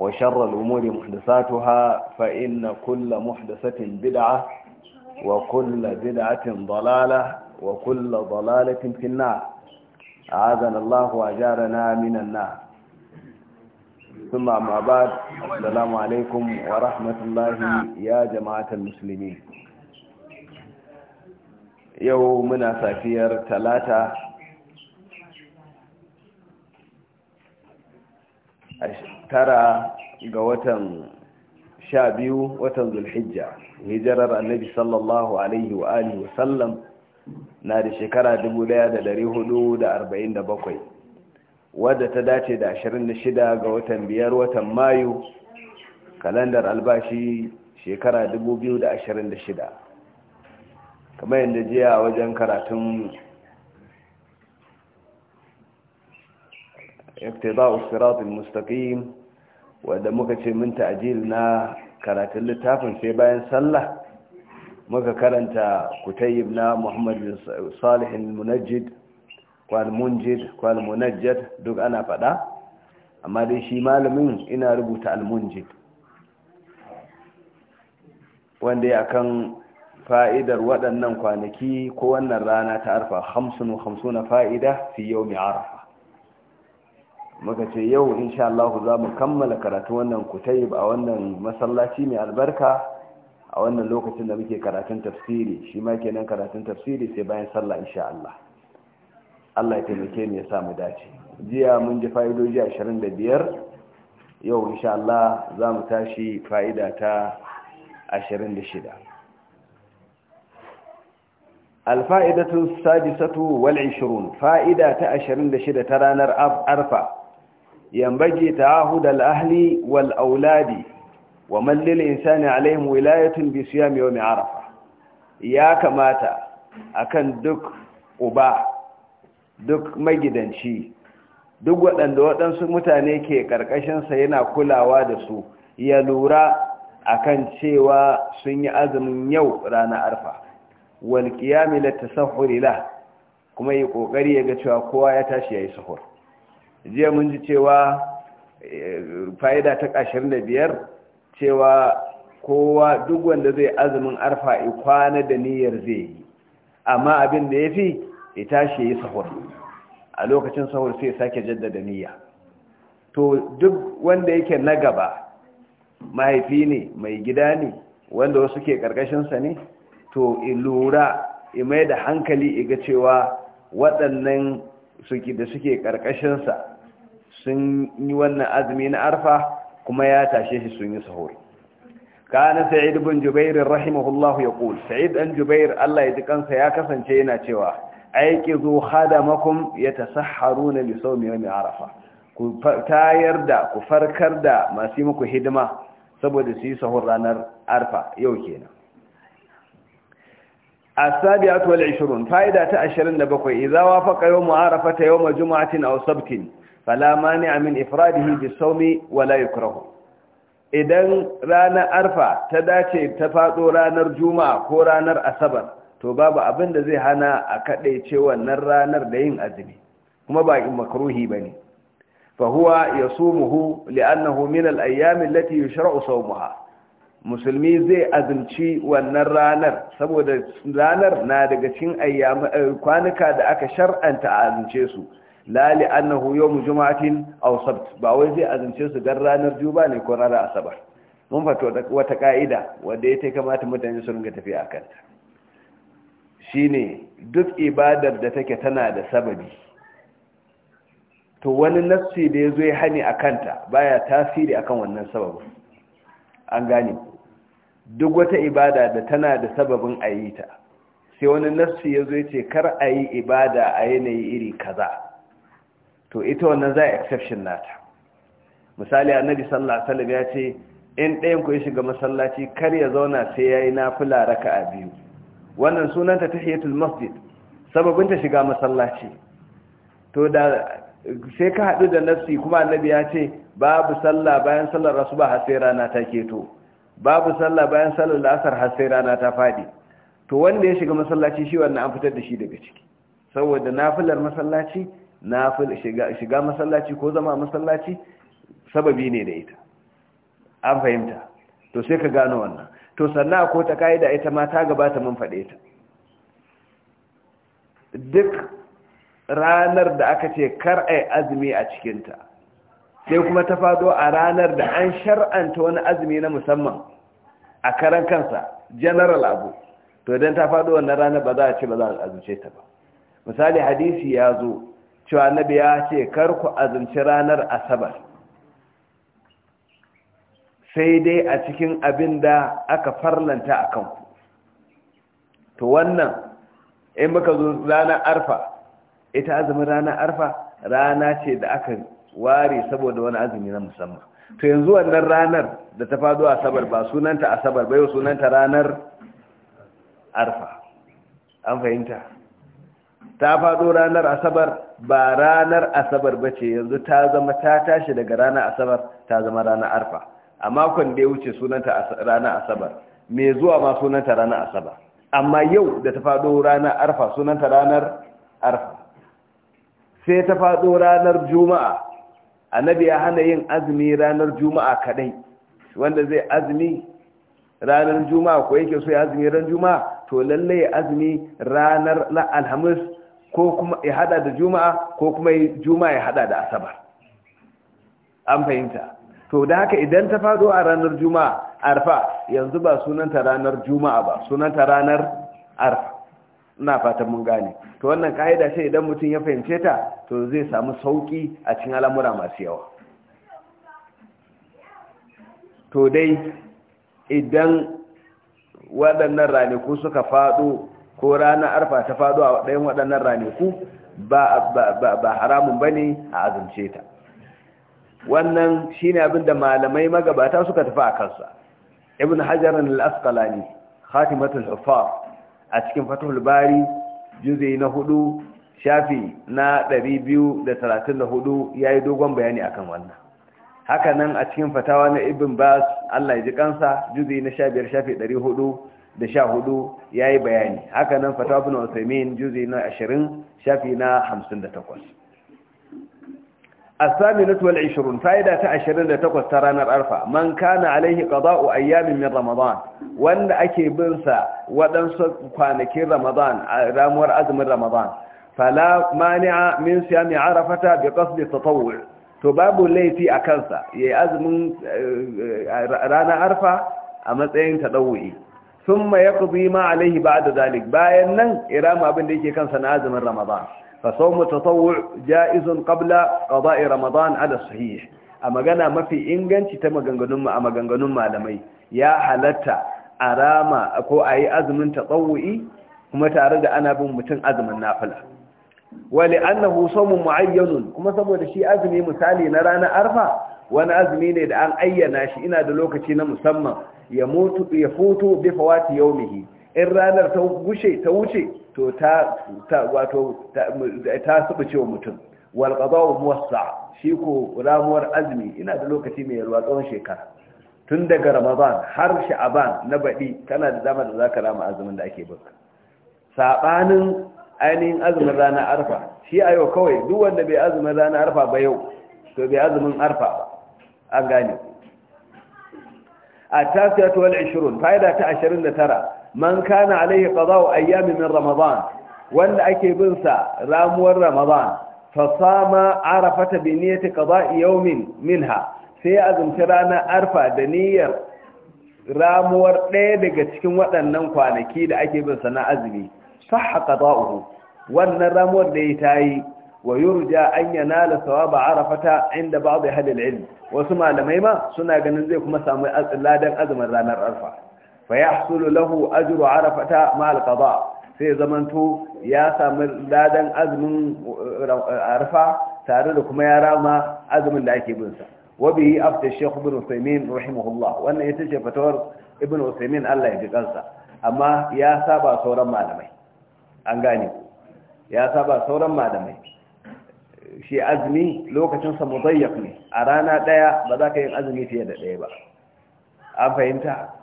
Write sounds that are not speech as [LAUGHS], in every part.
وشر الأمور محدثاتها فإن كل محدثة بدعة وكل بدعة ضلالة وكل ضلالة في النار أعاذنا الله وأجارنا من النار ثم أما بعد السلام عليكم ورحمة الله يا جماعة المسلمين يومنا سافير ثلاثة tara ga watan sha biyu watan zulhijja hijirar annabi sallallahu alaihi wa alihi sallam na da shekara 1447 wadda ta dace da 26 ga watan biyar watan mayu kalandar albashi shekara 2026 kamar yadda jiya wajen karatun ابتداء الصراط المستقيم wadda muka ce min ta'jil na karatun littafin sai bayan sallah muka karanta kutayib na muhammad bin salih al-munajjid qal munjid qal munajjad duk ana fada amma dai shi malamin ina rubuta al munjid wanda ya kan fa'idar waɗannan kwanaki ko wannan rana ta arfa 55 fa'ida fi yawmi arfa muka ce yau insha Allah za mu kammala karatu wannan kutayib a wannan masallaci mai albarka a wannan lokacin da muke karatun tafsiri shi ma kenan karatun tafsiri sai bayan sallah insha Allah Allah ya taimake mu ya sa mu dace jiya mun ji fa'idoji 25 yau insha Allah za mu tashi fa'ida ta 26 الفائدة السادسة والعشرون فائدة أشرين لشدة رانر أرفع ينبغي تعاهد الأهل والأولاد ومن للإنسان عليهم ولاية بصيام يوم عرفة يا ya أكن دك أبا دك مجدن شي duk waɗanda waɗansu mutane ke ƙarƙashinsa yana kulawa da su ya lura akan cewa sun yi azumin yau rana arfa walƙiyami qiyami lat kuma yi ƙoƙari ya ga cewa kowa ya tashi yayi sahur jiya mun ji cewa eh, fa'ida ta ƙashirin da biyar cewa kowa duk wanda zai azumin arfa ikwana da niyyar zai yi amma abin da ya fi ya tashi yi sahur a lokacin sahur sai sake jaddada niyya to duk wanda yake na gaba mahaifi ne mai gida ne wanda wasu ke ƙarƙashinsa ne to in lura in mai da hankali iga cewa waɗannan suke da suke ƙarƙashinsa sun yi wannan azumi na arfa kuma ya tashe shi sun yi sahur kana sa'id ibn jubair rahimahullah yaqul sa'id an jubair Allah ya ji kansa ya kasance yana cewa aiqizu khadamakum yatasahharuna li sawmi yawm arafa ku tayar da ku farkar da masu muku hidima saboda su yi sahur ranar arfa yau kenan السابعة والعشرون فائدة أشرين لبقوي إذا وافق يوم عرفة يوم جمعة أو سبت فلا مانع من إفراده بالصوم ولا يكره إذن رانا أرفع تداتي تفاضوا رانا الجمعة كو رانا أسبر تباب أبند زي هنا أكدي تشوى نرانا لين أزمي كما باقي مكروهي بني فهو يصومه لأنه من الأيام التي يشرع صومها musulmi zai azumci wannan ranar saboda ranar na daga cikin eh, kwanuka da aka shar'anta a azumce su lali annahu yawm juma'atin aw sabt ba wai zai azumce su dan ranar juba ne ko ranar asabar mun fato wata ka'ida wanda ya kamata mutane su ringa tafiya akan ta shine duk ibadar da take tana da sababi to wani nafsi da yazo ya hani akan ta baya tasiri akan wannan sababin an gane duk wata ibada da tana da sababin a yi ta sai wani nafsi ya zo ce kar a yi ibada a yanayi iri kaza to ita wannan za a exception nata misali annabi sallallahu alaihi wasallam ya ce in ɗayan ku ya shiga masallaci kar ya zauna sai yayi nafila raka'a biyu wannan sunanta tahiyatul masjid sababin ta shiga masallaci to da sai ka haɗu da nafsi kuma annabi ya ce babu sallah bayan sallar asuba har sai rana ta keto babu sallah bayan sallar la'asar har sai rana ta faɗi to wanda ya shiga masallaci shi wannan an fitar da shi daga ciki saboda nafilar masallaci shiga masallaci ko zama masallaci sababi ne da ita an fahimta to sai ka gano wannan to sannan ko ta ka'ida ita ma ta gabata mun faɗe ta duk ranar da aka ce kar ai azumi a cikinta sai kuma ta fado a ranar da an shar'anta wani azumi na musamman a karan kansa general abu to idan ta faɗo wannan ranar ba za a ce ba za a azumce ta ba misali hadisi ya zo cewa nabi ya ce kar ku azumci ranar asabar sai dai a cikin abin da aka farlanta a kanku to wannan in muka zo ranar arfa ita azumin ranar arfa rana ce da aka ware saboda wani azumi na musamman to yanzu wannan ranar da ta fado asabar ba sunanta asabar sabar bai sunanta ranar arfa an fahimta ta fado ranar asabar ba ranar asabar ba ce yanzu ta zama ta tashi daga ranar asabar ta zama ranar arfa a makon da ya wuce sunanta ranar asabar mai zuwa ma sunanta ranar asabar amma yau da ta fado ranar arfa sunanta ranar arfa sai ta fado ranar juma'a annabi ya hana yin azumi ranar juma'a kadai wanda zai azumi ranar juma'a ko yake so ya azumi ran juma'a to lalle ya azumi ranar alhamis ko kuma ya hada da juma'a ko kuma juma'a ya hada da asabar an fahimta to da haka idan ta fado a ranar juma'a arfa yanzu ba sunanta ranar juma'a ba sunanta ranar arfa ina fatan mun gane to wannan ka'ida sai idan mutum ya fahimce ta to zai samu sauki a cikin al'amura masu yawa to dai idan waɗannan ranaku suka faɗo ko ranar arfa ta faɗo a ɗayan waɗannan ranaku ba, haramun ba ne a azumce ta wannan shi ne abin da malamai magabata suka tafi a kansa ibn hajjarin al'askalani khatimatul hufar a cikin fatul bari juzi na hudu shafi na da 234 ya yi dogon bayani akan wannan haka nan a cikin fatawa na ibn bas allah ya ji kansa juzi na sha biyar shafi 414 ya yi bayani haka nan fatawa bin wasu juzi na 20 shafi na hamsin 58 الثامنة والعشرون فائدة عشرين لتقوى ترانا الأرفع من كان عليه قضاء أيام من رمضان وأن أكي بنسى وأن سبحانك رمضان رامور أزم رمضان فلا مانع من صيام عرفة بقصد التطوع تباب ليتي أكنسى يأزم رانا أرفع أمتين تدوئي ثم يقضي ما عليه بعد ذلك باين إرام أبن ديكي كان سنعزم رمضان فصوم التطوع جائز قبل قضاء رمضان على الصحيح اما غنا ما في إنجان تتم غنغنم اما غنغنون علمي يا حلتا اراما اكو اي أزمن تطوعي كما ده انا بن متن أزمن نافلة ولانه صوم معين كما صبوا لشي أزمي مثالي نرانا أرفع wani azumi ne da an ayyana shi ina da lokaci na musamman ya mutu ya futu bi fawati yaumihi in ranar ta gushe ta wuce to ta wato ta wa mutum wal qada'u muwassa shi ko ramuwar azumi ina da lokaci mai yalwa tsawon shekara tun daga ramadan har sha'aban na baɗi kana da dama da zaka rama azumin da ake baka sabanin ainihin azumin rana arfa shi a yau kawai duk wanda bai azumin rana arfa ba yau to bai azumin arfa ba an gane a tasiratu wal 20 fa'ida ta 29 man kana alaihi qada'u ayyamin min ramadan wanda ake bin sa ramuwar ramadan fa sama arafata bi niyyati qada'i yawmin minha sai azumta rana arfa da niyyar ramuwar ɗaya daga cikin waɗannan kwanaki da ake bin sa na azumi sahha qada'uhu wannan ramuwar da ya tayi wa yurja an yanala sawaba arafata inda ba'd ahli al-ilm wasu malamai ma suna ganin zai kuma samu ladan azumin ranar arfa fa yahsulu lahu ajru arafata ma alqada sai zamanto ya samu ladan azumin eh, arfa tare da kuma ya rama azumin da ake bin sa wabihi afta shaykh ibn usaymin rahimahullah wannan ita ce fatawar ibn usaymin Allah ya ji kansa amma ya saba sauran malamai an gane ya saba sauran malamai shi azumi lokacinsa mudayyaf ne a rana daya ba za ka yi azumi fiye da daya ba an fahimta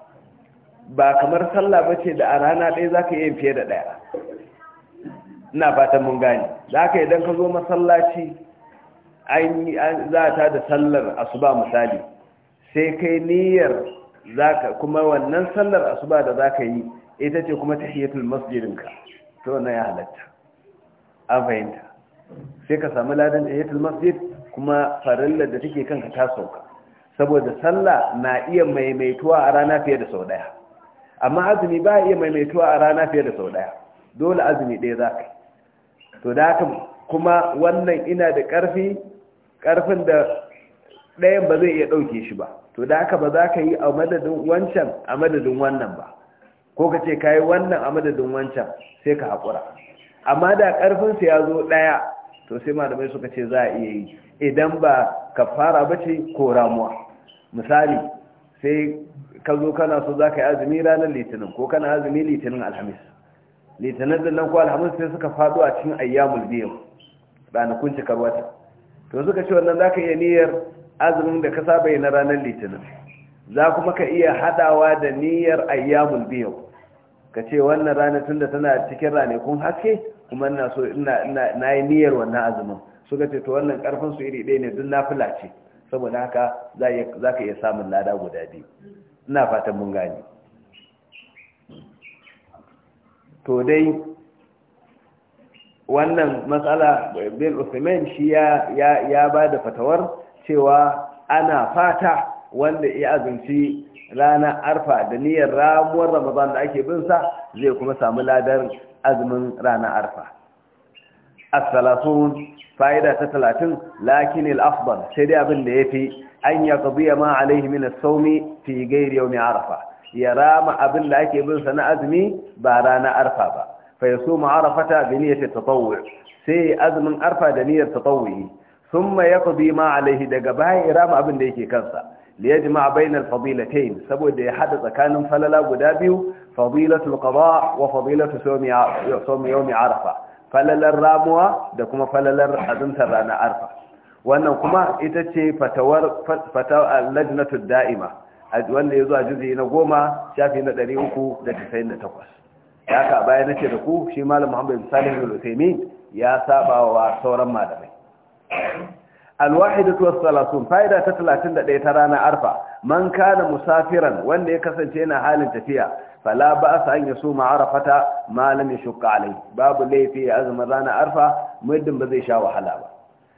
ba kamar sallah ba ce da a rana ɗaya za ka yi fiye da ɗaya ina fatan mun gani za ka idan ka zo masallaci za ta da sallar asuba misali sai kai niyyar kuma wannan sallar asuba da za ka yi ita ce kuma ta tahiyatul masjidinka to wannan ya halatta an fahimta sai ka samu ladan da hiyatul masjid kuma farillar da take kanka ta sauka saboda sallah na iya maimaituwa a rana fiye da sau ɗaya. amma azumi ba iya maimaituwa a rana fiye da sau daya dole azumi ɗaya za ka to da haka kuma wannan ina da ƙarfi ƙarfin da ɗayan ba zai iya ɗauke shi ba to da haka ba za ka yi a madadin wancan a madadin wannan ba ko ka ce ka yi wannan a madadin wancan sai ka haƙura amma da su ya zo ɗaya to sai malamai suka ce za a iya yi idan ba ka fara ba ce ko ramuwa misali sai ka zo kana so za ka yi azumi ranar litinin ko kana azumi litinin alhamis litinin da nan ko alhamis sai suka fado a cikin ayyamul biyu ranakun cikar wata to suka ce wannan za ka iya niyyar azumin da ka saba yi na ranar litinin za kuma ka iya haɗawa da niyyar ayyamul biyu ka ce wannan rana tun da tana cikin ranakun haske kuma ina so na yi niyyar wannan azumin suka ce to wannan karfin su iri ɗaya ne duk nafila ce saboda haka za ka iya samun lada guda biyu ina fatan mun gane to dai wannan matsala bin usman shi ya ya ba da fatawar cewa ana fata wanda ya azunci rana arfa da niyyar ramuwar ramadan da ake bin sa zai kuma samu ladar azumin rana arfa الثلاثون فائدة تتلاتين لكن الأفضل سيدي أبن ليفي أن يقضي ما عليه من الصوم في غير يوم عرفة يرام أبن لك ابن سنة أزمي بارانا عرفة با فيصوم عرفة بنية التطوع سي أزم عرفة دنية التطوع ثم يقضي ما عليه دقباء يرام أبن ليكي كنسا ليجمع بين الفضيلتين سبو دي حدث كان فللا قدابيو فضيلة القضاء وفضيلة صوم يوم عرفة falalar ramuwa da kuma falalar azumtar rana arfa wannan kuma ita ce fatawar fatawar lajnatul da'ima wanda ya zo a juzi na goma shafi na 398 ya haka bayan ce da ku shi malam muhammad salim al-usaimin ya saba wa sauran malamai alwahidatu was-salasun fa'ida ta 31 ta rana arfa man kana musafiran wanda ya kasance yana halin tafiya fala ba ba'sa an mu arafata ma lam shuka alai babu laifi ya azumi rana arfa muddin ba zai sha wahala ba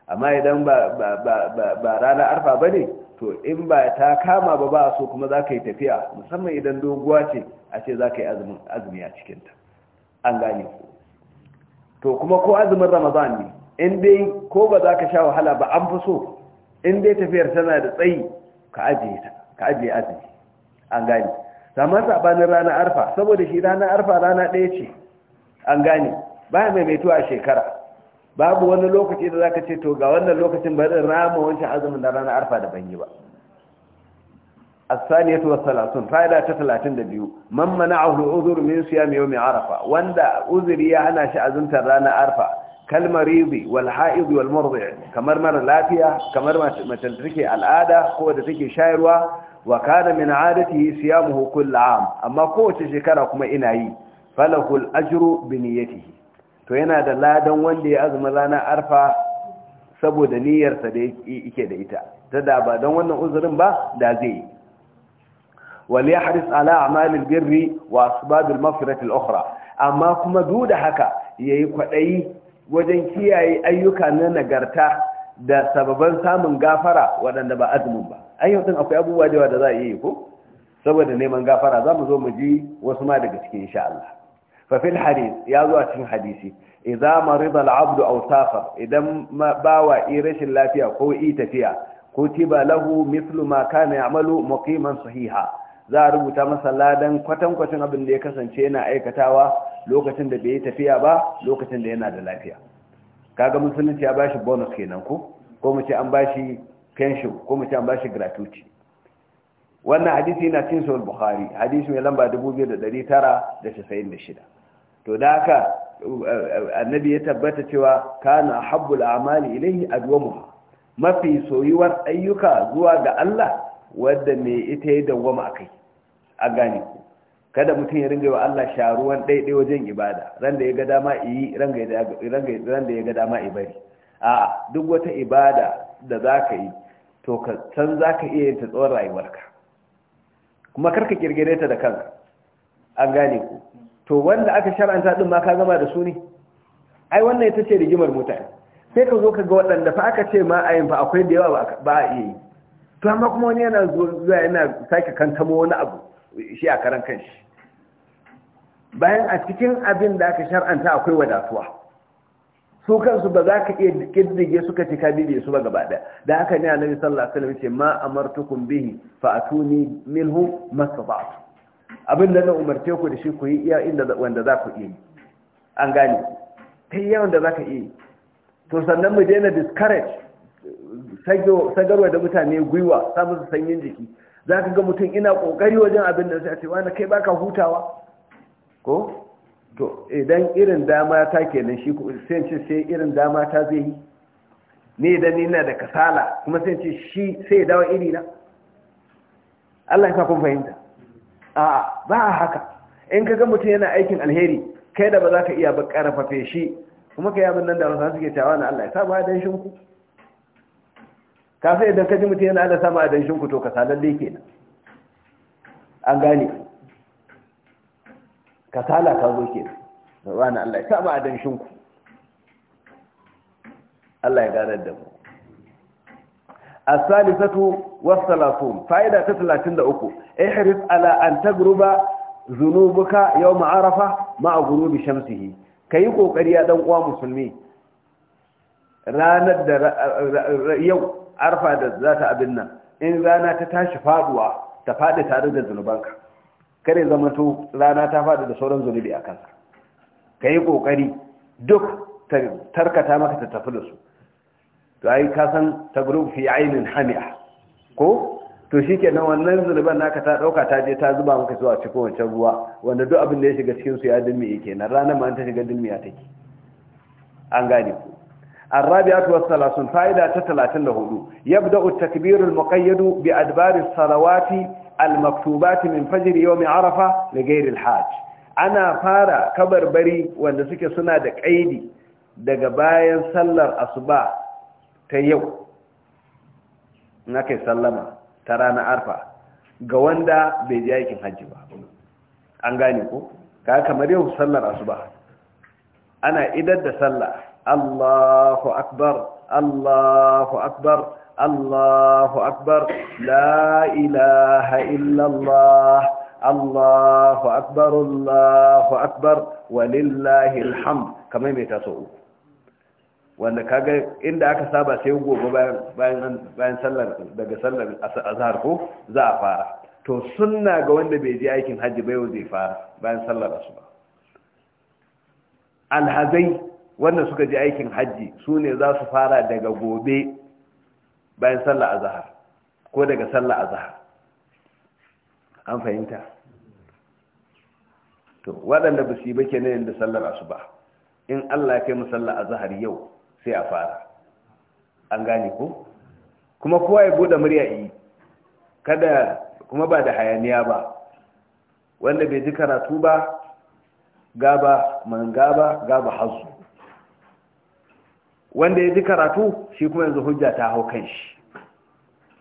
amma idan ba ranar rana arfa bane to in ba ta kama ba ba so kuma zaka yi tafiya musamman idan doguwa ce a ce zaka yi azumin azumi a cikin an gane ku to kuma ko azumin ramadan ne in dai ko ba za ka sha wahala ba an fi so in dai tafiyar tana da tsayi ka ajiye azumi an gane zama saɓanin rana arfa saboda shi rana arfa rana ɗaya ce an gane ba mai mai tuwa shekara babu wani lokaci da zaka ce to ga wannan lokacin bari rama wancan azumin da rana arfa da ban yi ba asali ya tuwa 30 fa'ida ta 32 man mana ahu uzuru min siyami yawmi arafa wanda uzuri ya hana shi azumtar rana arfa kalmar yubi wal ha'idu wal murdi kamar mara lafiya kamar mace da take al'ada ko da take shayarwa wa kana min adatihi siyamuhu hukun am amma kowace shekara kuma ina yi falakul ajru bi niyyatihi to yana da ladan wanda ya azumi ranar arfa saboda niyyarsa da yake da ita ta da ba don wannan uzurin ba da zai yi wal yahris ala a'malil birri wa asbabil maghfirati al-ukhra amma kuma duk da haka yayi kwadayi wajen kiyaye ayyuka na nagarta da sababan samun gafara waɗanda ba azumin ba ayyau din akwai abubuwa da da za a yi ko saboda neman gafara za mu zo mu ji wasu ma daga cikin insha Allah fa fil ya zuwa cikin hadisi idza marida al-abdu aw safar idan bawa i rashin lafiya ko i tafiya kutiba lahu mithlu ma kana ya'malu muqiman sahiha za a rubuta masa ladan kwatankwacin abin da ya kasance yana aikatawa lokacin da bai yi tafiya ba lokacin da yana da lafiya kaga musulunci ya bashi bonus kenan ko ko mu ce an bashi pension ko mu an bashi gratuity wannan hadisi yana cin sahih bukhari hadisi mai lamba 2996 to da haka annabi ya tabbata cewa kana habbul a'mali ilayhi adwamuha mafi soyuwar ayyuka zuwa ga Allah wadda me ita ya dawwama akai a gane ku kada mutum ya ringa wa Allah sharuwan daidai wajen ibada ran da ya ga dama yi ran da ya ga dama ibari a duk wata ibada da zaka yi to ka san za ka iya yin ta tsawon rayuwarka kuma karka kirgire ta da kanka an gane ku to wanda aka shar'anta din ma ka gama da su ne ai wannan ita ce rigimar mutane sai ka zo ka ga waɗanda fa aka ce ma a yin fa akwai da yawa ba a iya yi to amma kuma wani yana zuwa yana sake kantamo wani abu shi a karan kanshi bayan a cikin abin da aka shar'anta akwai wadatuwa su kansu ba za ka iya kiddige suka ce ka bibiye su ba gaba daya da haka ne annabi sallallahu alaihi wasallam ce ma amartukum bihi fa atuni minhu mastata'tu abin da na umarce ku da shi ku yi iya inda wanda za ku iya an gane ta yawan da za ka iya to sannan mu daina discourage sagarwa da mutane gwiwa samun musu sanyin jiki za ka ga mutum ina kokari wajen abin da sai a ce wani kai baka hutawa ko to idan irin dama ta kenan shi sai ce sai irin dama ta zai yi ne idan ni na da kasala kuma sai ce shi sai ya dawo iri na Allah ya sa kun fahimta a ba a haka in ka ga mutum yana aikin alheri kai da ba za ka iya ba karfafe shi kuma ka yi abin nan da wasu suke cewa na Allah ya sa ba shin ku ka sai idan ka ji mutum yana Allah sama dan ku to kasalalle kenan an gane kasala ta zo ke rana Allah ya saba a danshinku Allah ya ganar da mu as-salisatu was-salatun fa'ida ta 33 ihris ala an tagruba zunubuka yawm arafa ma'a ghurubi shamsihi kai kokari ya dan uwa musulmi ranar da yau arfa da zata abin nan in rana ta tashi faduwa ta fadi tare da zunubanka kare zamanto rana ta faɗi da sauran zunubi a kansa ka yi ƙoƙari duk tarkata maka ta tafi da su to ai ka san ta fi ainin hamiya ko to shi kenan wannan zunuban naka ta ɗauka ta je ta zuba maka zuwa cikin wancan ruwa wanda duk abin da ya shiga cikinsu ya dulmiye kenan ranar ma ta shiga dulmiya take an gane ku الرابعة والثلاثون فائدة 34 له يبدأ التكبير المقيد بأدبار الصلوات al-maktubat min fajr yawm arafa li ghayr al-hajj ana fara kabarbari wanda suke suna da kaidi daga bayan sallar asuba ta yau na kai sallama ta ranar arfa ga wanda bai ji aikin hajji ba an gane ko ka kamar yau sallar asuba ana idar da sallah Allahu akbar Allahu akbar الله أكبر لا إله إلا الله الله أكبر الله أكبر ولله الحمد كما يتسوء wanda kaga inda aka saba sai gobe bayan bayan sallar daga sallar azhar ko za a fara to sunna ga wanda bai je aikin hajji ba yau zai fara bayan sallar asuba alhazai wanda suka je aikin hajji sune za su fara daga gobe bayan sallah azhar ko daga sallah azhar an fahimta to waɗanda ba su ba kenan da sallar asuba in Allah ya kai mu sallar azhar yau sai a fara an gane ko kuma kowa ya bude murya yi kada kuma ba da hayaniya ba wanda bai ji karatu ba gaba man ba gaba hazu wanda ya ji karatu shi kuma yanzu hujja ta hau kan shi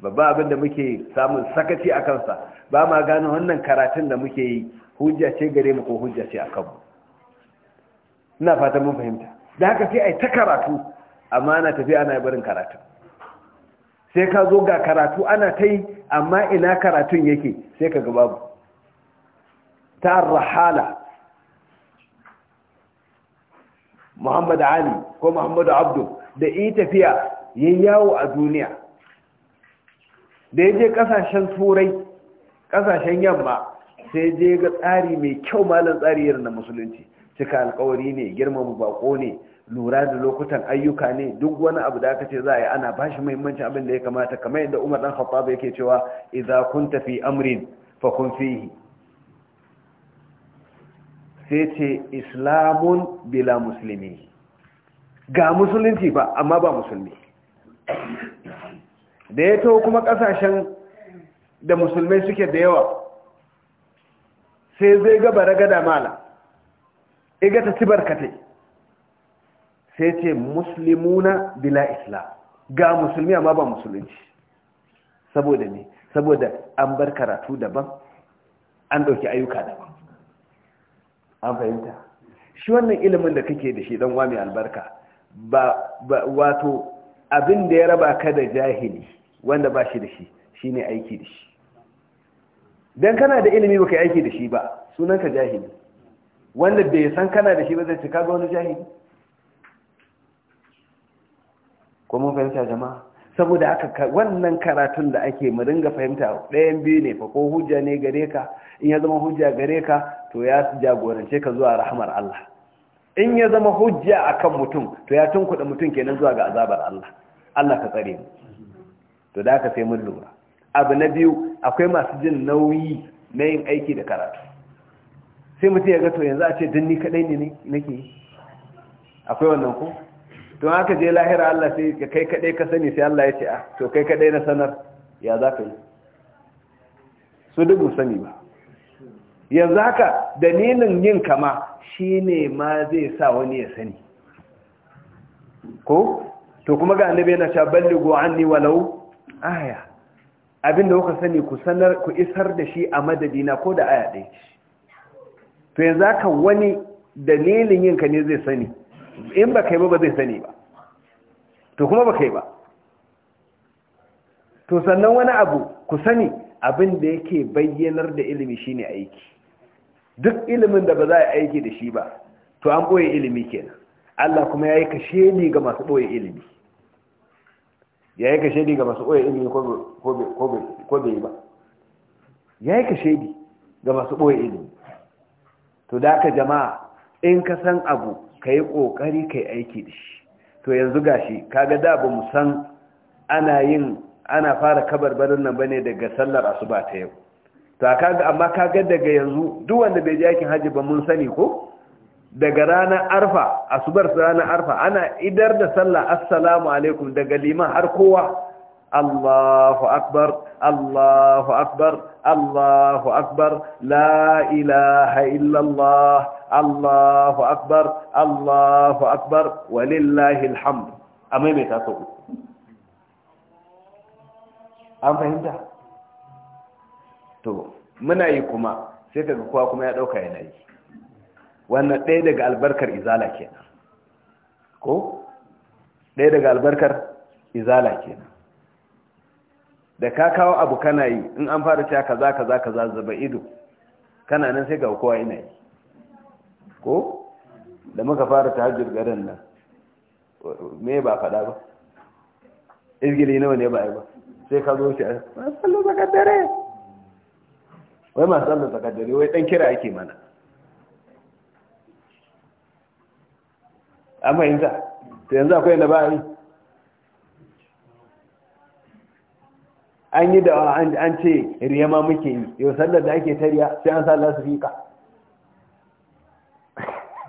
babba abin muke samun sakaci a kansa ba ma gano wannan karatun da muke yi hujja ce gare mu ko hujja ce a kanmu ina fatan mun fahimta da haka sai ai ta karatu amma ana tafi ana yi barin karatu sai ka zo ga karatu ana ta yi amma ina karatun yake sai ka ga babu ta rahala Muhammad ali ko muhammadu abdu da yi tafiya ya yawo a duniya da ya je kasashen turai kasashen yamma sai je ga tsari mai kyau malam tsariyar na musulunci cika alkawari ne girmama bako ne lura da lokutan ayyuka ne duk wani abu da aka ce za a yi ana ba shi muhimmancin abin da ya kamata kamar yadda umar dan khattab yake cewa "Iza kun tafi amrin fa kun fihi sai ce islamun bila musulmi ga musulunci ba amma ba musulmi da ya to kuma kasashen da musulmai suke da yawa sai zai gaba ragada mala iga ta cibar kate sai ce musulmuna bila islam ga musulmi amma ba musulunci saboda ne saboda an bar karatu daban an ɗauki ayyuka daban an fahimta shi wannan ilimin da kake da shi dan wa mai albarka wato abin da ya raba ka da jahili wanda ba shi da shi shine aiki da shi don kana da ilimi yi aiki da shi ba sunanka jahili wanda bai san kana da shi ba zai cika ga wani jahili ko fahimta jama'a saboda aka wannan karatun da ake mu fahimta ɗayan biyu ne fa ko hujja ne gare ka in ya zama hujja gare ka to ya jagorance ka zuwa rahmar Allah in ya zama hujja akan mutum to ya tunkuɗa mutum kenan zuwa ga azabar Allah Allah ka tsare mu to da aka sai mun lura abu na biyu akwai masu jin nauyi na yin aiki da karatu sai mutum ya ga to yanzu a ce dan ni kadai ne nake akwai wannan ko don aka je lahira Allah sai ka kai kadai ka sani sai Allah ya ce ah to kai kadai na sanar ya za ka yi su dubu sani ba yanzu haka dalilin yin kama shine ma zai sa wani ya sani ko to kuma ga annabi yana cewa ballighu anni walau aya da kuka sani ku sanar ku isar da shi a madadina ko da aya ɗaya to yanzu haka wani dalilin yin ka ne zai sani in ba kai ba ba zai sani ba to kuma ba kai ba to sannan wani abu ku sani abin da yake bayyanar da ilimi shine aiki duk ilimin da ba za a aiki da shi ba to an boye ilimi kenan Allah kuma ya yi kashe ni ga masu boye ilimi ya yi kashe ni ga masu boye ilimi ko bai ba ya yi kashe ni ga masu boye ilimi to da ka jama'a in ka san abu ka yi ƙoƙari ka yi aiki da shi to yanzu gashi kaga da ba mu san ana yin ana fara kabarbarin nan bane daga sallar asuba ta yau to kaga amma kaga daga yanzu duk wanda bai je haji ba mun sani ko daga ranar arfa asubar ranar arfa ana idar da sallah assalamu alaikum daga liman har kowa الله أكبر الله أكبر الله أكبر لا إله إلا الله الله أكبر الله أكبر ولله الحمد أمامي تاسو an fahimta to muna yi kuma sai kaga kowa kuma ya dauka yana yi wannan ɗaya daga albarkar izala kenan ko ɗaya daga albarkar izala kenan da ka kawo abu kana yi in an fara cewa kaza kaza kaza zaba ido kana nan sai ga kowa ina yi ko da muka fara tahajjud garin nan me ba faɗa ba izgili nawa ne ba yi ba sai ka zo shi a sallu zakaddare wai masu sallu zakaddare wai ɗan kira ake mana an fahimta ta yanzu akwai yadda ba yi an yi da an ce riya ma muke yi yau sallar da ake tariya sai an sa Allah su fika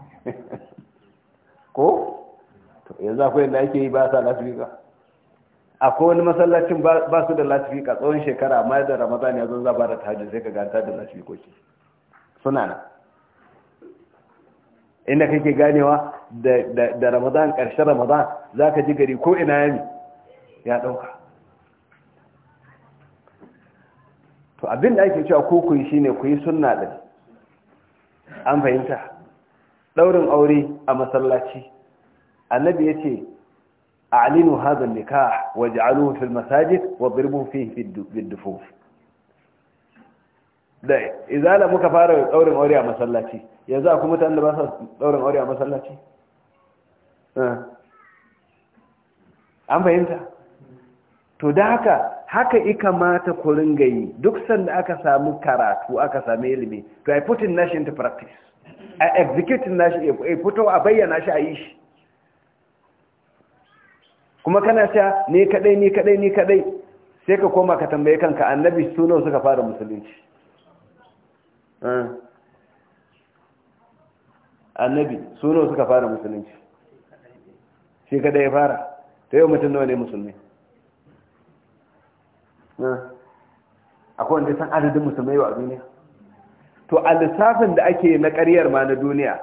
[LAUGHS] ko to yanzu akwai da ake yi ba sa Allah su akwai wani masallacin ba su da latifika tsawon shekara amma yadda ramadan ya zan zaba da tahajjud sai ka ganta da latifikoki suna na inda kake ganewa da ramadan ƙarshen ramadan za ka ji gari ko ina yami ya ɗauka to abin da ake cewa ko ku yi shine ku yi sunna din an fahimta daurin aure a masallaci annabi yace a'linu hadha an-nikah waj'aluhu fil masajid wadribuhu fihi bid-dufuf da la muka fara daurin aure a masallaci yanzu akwai mutanen da ba su daurin aure a masallaci eh. an fahimta to da haka haka ika mata kurin ringa duk sanda aka samu karatu aka samu ilimi to I put in nashi into practice a executing nashi ai fito a bayyana shi a yi shi kuma kana cewa ni kadai ni kadai ni kadai sai ka koma ka tambaye kanka annabi suno suka fara musulunci annabi suno suka fara musulunci shi kadai ya fara ta yau mutum nawa ne musulmi akwai wanda san adadin musulmai wa duniya to a lissafin da ake na ƙaryar ma na duniya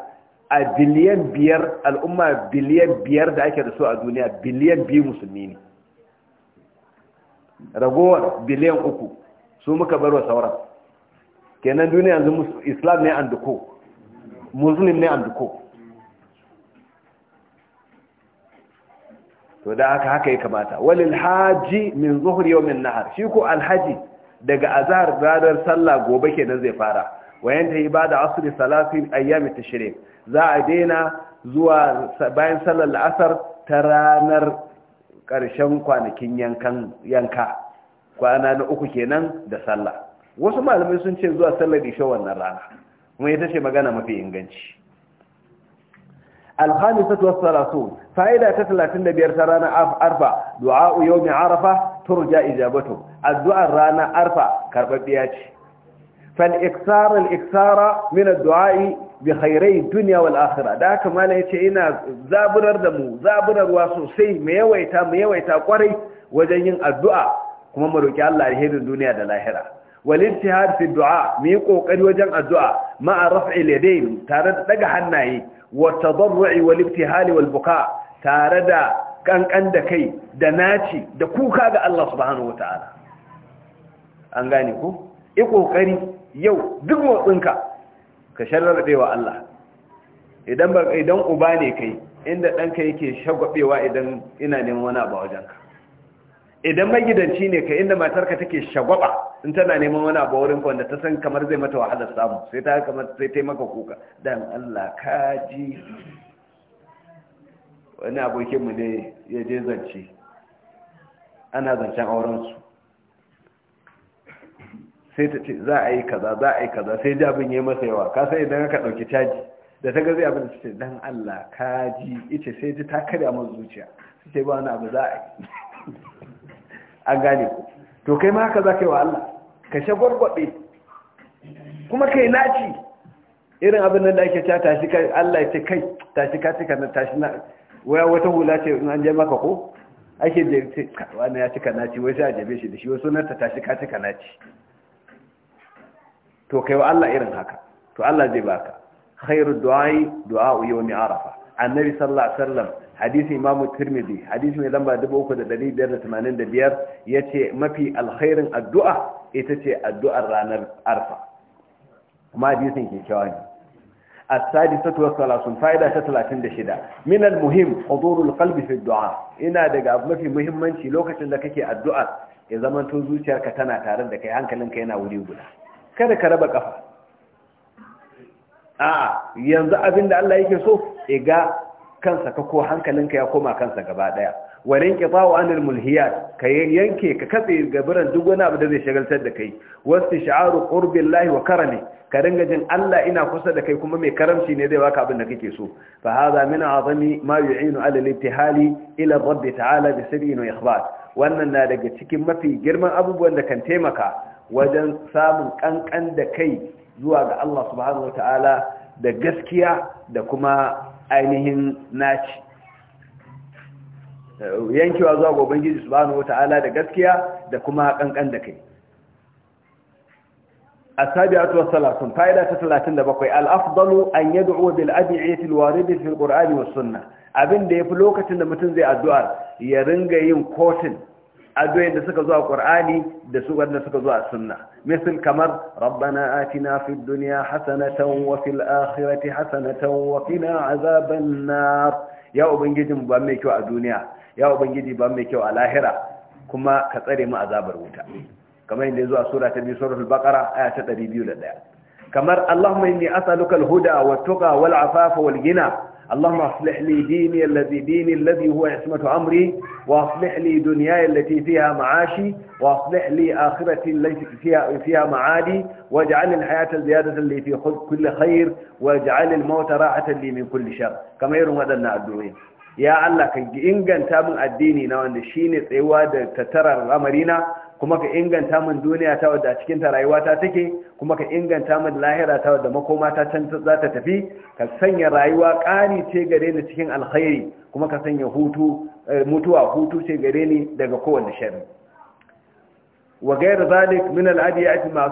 a biliyan biyar al'umma biliyan biyar da ake da su a duniya biliyan biyu musulmi ne ragowar biliyan uku su muka bar wa sauran kenan duniya yanzu islam ne an duko muslim ne an duko to da haka haka ya kamata walil haji min zuhri wa min nahar shi ko alhaji daga azhar zadar sallah gobe kenan zai fara wayan ta ibada asri salasin ayyam tashrin za a daina zuwa bayan sallar la'asar ta ranar karshen kwanakin yankan yanka kwana na uku kenan da sallah wasu malamai sun ce zuwa sallar isha wannan rana kuma ita ce magana mafi inganci alhamisatu wasu fa'ida ta talatin da biyar ta ranar arfa du'a'u yawmi arafa turja ijabatu addu'ar ranar arfa karbabbiya ce fal iksar al iksara min addu'a'i bi khairai dunya wal da haka yace ina zaburar da mu zaburar zaburarwa sosai ma yawaita mu yawaita kwarai wajen yin addu'a kuma mu roki Allah alherin duniya da lahira والانتهاد du'a, الدعاء مي kokari wajen addu'a ma raf'i yadayn tare da daga hannaye watadarru'i wal ibtihali wal buka tare da kankan da kai da naci da kuka ga Allah subhanahu wataala an gane ku i kokari yau duk motsinka ka sharraɗewa Allah idan ba idan uba ne kai inda danka yake shagwabewa idan ina neman wani abu wajenka idan magidanci ne ka inda matarka take shagwaba in tana neman wani abu wurin ka wanda ta san kamar zai mata wahalar samu sai ta kamar sai ta maka kuka dan Allah ka ji wani abokin mu ne ya je zance ana zancen auren su sai ta ce za a yi kaza za a yi kaza sai ji abin yayi masa yawa ka sai idan ka dauki caji da ta ga zai abin ta ce dan Allah ka ji, ita sai ji ta kada masa zuciya sai ba wani abu za a yi an gane ku to kai ma haka za ka yi wa Allah ka sha gwargwabe kuma kai naci irin abin nan da ake cewa tashi kai Allah ya ce kai tashi ka cika na tashi na waya wata hula ce in an je maka ko ake je ce wani ya cika naci wai sai a jabe shi da shi wasu nan ta tashi ka cika naci to kai wa Allah irin haka to Allah zai baka khairu du'a du'a yawmi arafa annabi sallallahu alaihi wasallam hadisi imamu tirmidhi hadisi mai lamba 3585 yace mafi alkhairin addu'a ita ce addu'ar ranar arfa kuma hadisin kyakkyawa ne السادسة والثلاثون فائدة ثلاثين دشدة من المهم حضور القلب في الدعاء إنا دقاء ما في مهم منشي لو كتن لكي الدعاء إذا ما تنزو شارك تنا تارد كي هنك لنك ينا ولي وبلا كده كربك أفا آه ينزع بند الله يكي صوف iga kansa ka ko hankalinka ya koma kansa gaba daya walin qita'u anil mulhiyat ka yanke ka katse gaburan duk wani abu da zai shagaltar da kai wasti sha'aru qurbillahi wa karami ka dinga jin Allah ina kusa da kai kuma mai karamci ne zai baka abin da kake so fa hadha min azami ma yu'inu ala al-ittihali ila rabb ta'ala bi sirrin wa ikhbar wannan na daga cikin mafi girman abubuwan da kan taimaka wajen samun kankan da kai zuwa ga Allah subhanahu wa ta'ala da gaskiya da kuma ainihin naci yankewa zuwa ga ubangiji subhanahu wata'ala da gaskiya da kuma kankan da kai A atuwa salatun fa'ida ta da al-afdalu an uwa bil ad'iyati al-warida fi al-qur'ani sunna. abin da fi lokacin da mutum zai addu'ar ya ringa yin kotun. addu'o'in da suka zo a Qur'ani da su wanda suka zo a Sunna misal kamar rabbana atina fi duniya hasanatan wa fil akhirati hasanatan wa qina azaban nar ya ubangijin ba mai kyau a duniya ya ubangiji ba mai kyau a lahira kuma ka tsare mu azabar wuta kamar yadda yazo a sura ta 2 suratul baqara aya ta 201 kamar allahumma inni as'aluka al-huda wat-tuqa wal-afafa wal-ghina اللهم اصلح لي ديني الذي ديني الذي هو عصمة أمري واصلح لي دنياي التي فيها معاشي واصلح لي آخرتي التي فيها, فيها معادي واجعل الحياة زيادة لي في كل خير واجعل الموت راحة لي من كل شر كما يرون هذا النعدوين ya Allah ka inganta min addini na wanda shine tsayuwa da tattarar amarina kuma ka inganta min duniya ta wadda cikin ta rayuwa ta take kuma ka inganta min lahira ta wadda makoma ta can za ta tafi ka sanya rayuwa ƙari ce gare ni cikin alkhairi kuma ka sanya hutu eh, mutuwa hutu ce gare ni daga kowanne shari'a. wa gairu zalik min al ya ma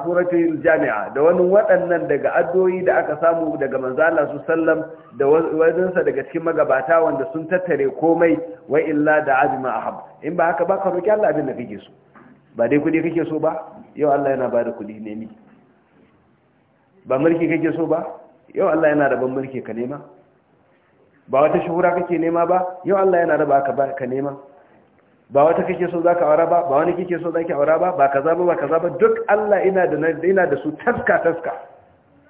jamia da wani waɗannan daga addoyi da aka samu daga manzo Allah sallam da wajensa daga cikin magabata wanda sun tattare komai wa illa da azumin ahab in ba haka ba ka roƙi Allah abin da kake so ba dai kudi kake so ba yau Allah yana ba da kudi ni. ba mulki kake so ba yau Allah yana da ban mulki ka nema ba wata shuhura kake nema ba yau Allah yana raba ka ba ka nema ba wata kake so zaka aura ba ba wani kake so zaki aura ba ba kaza ba ba kaza ba duk Allah ina da ina da su taska taska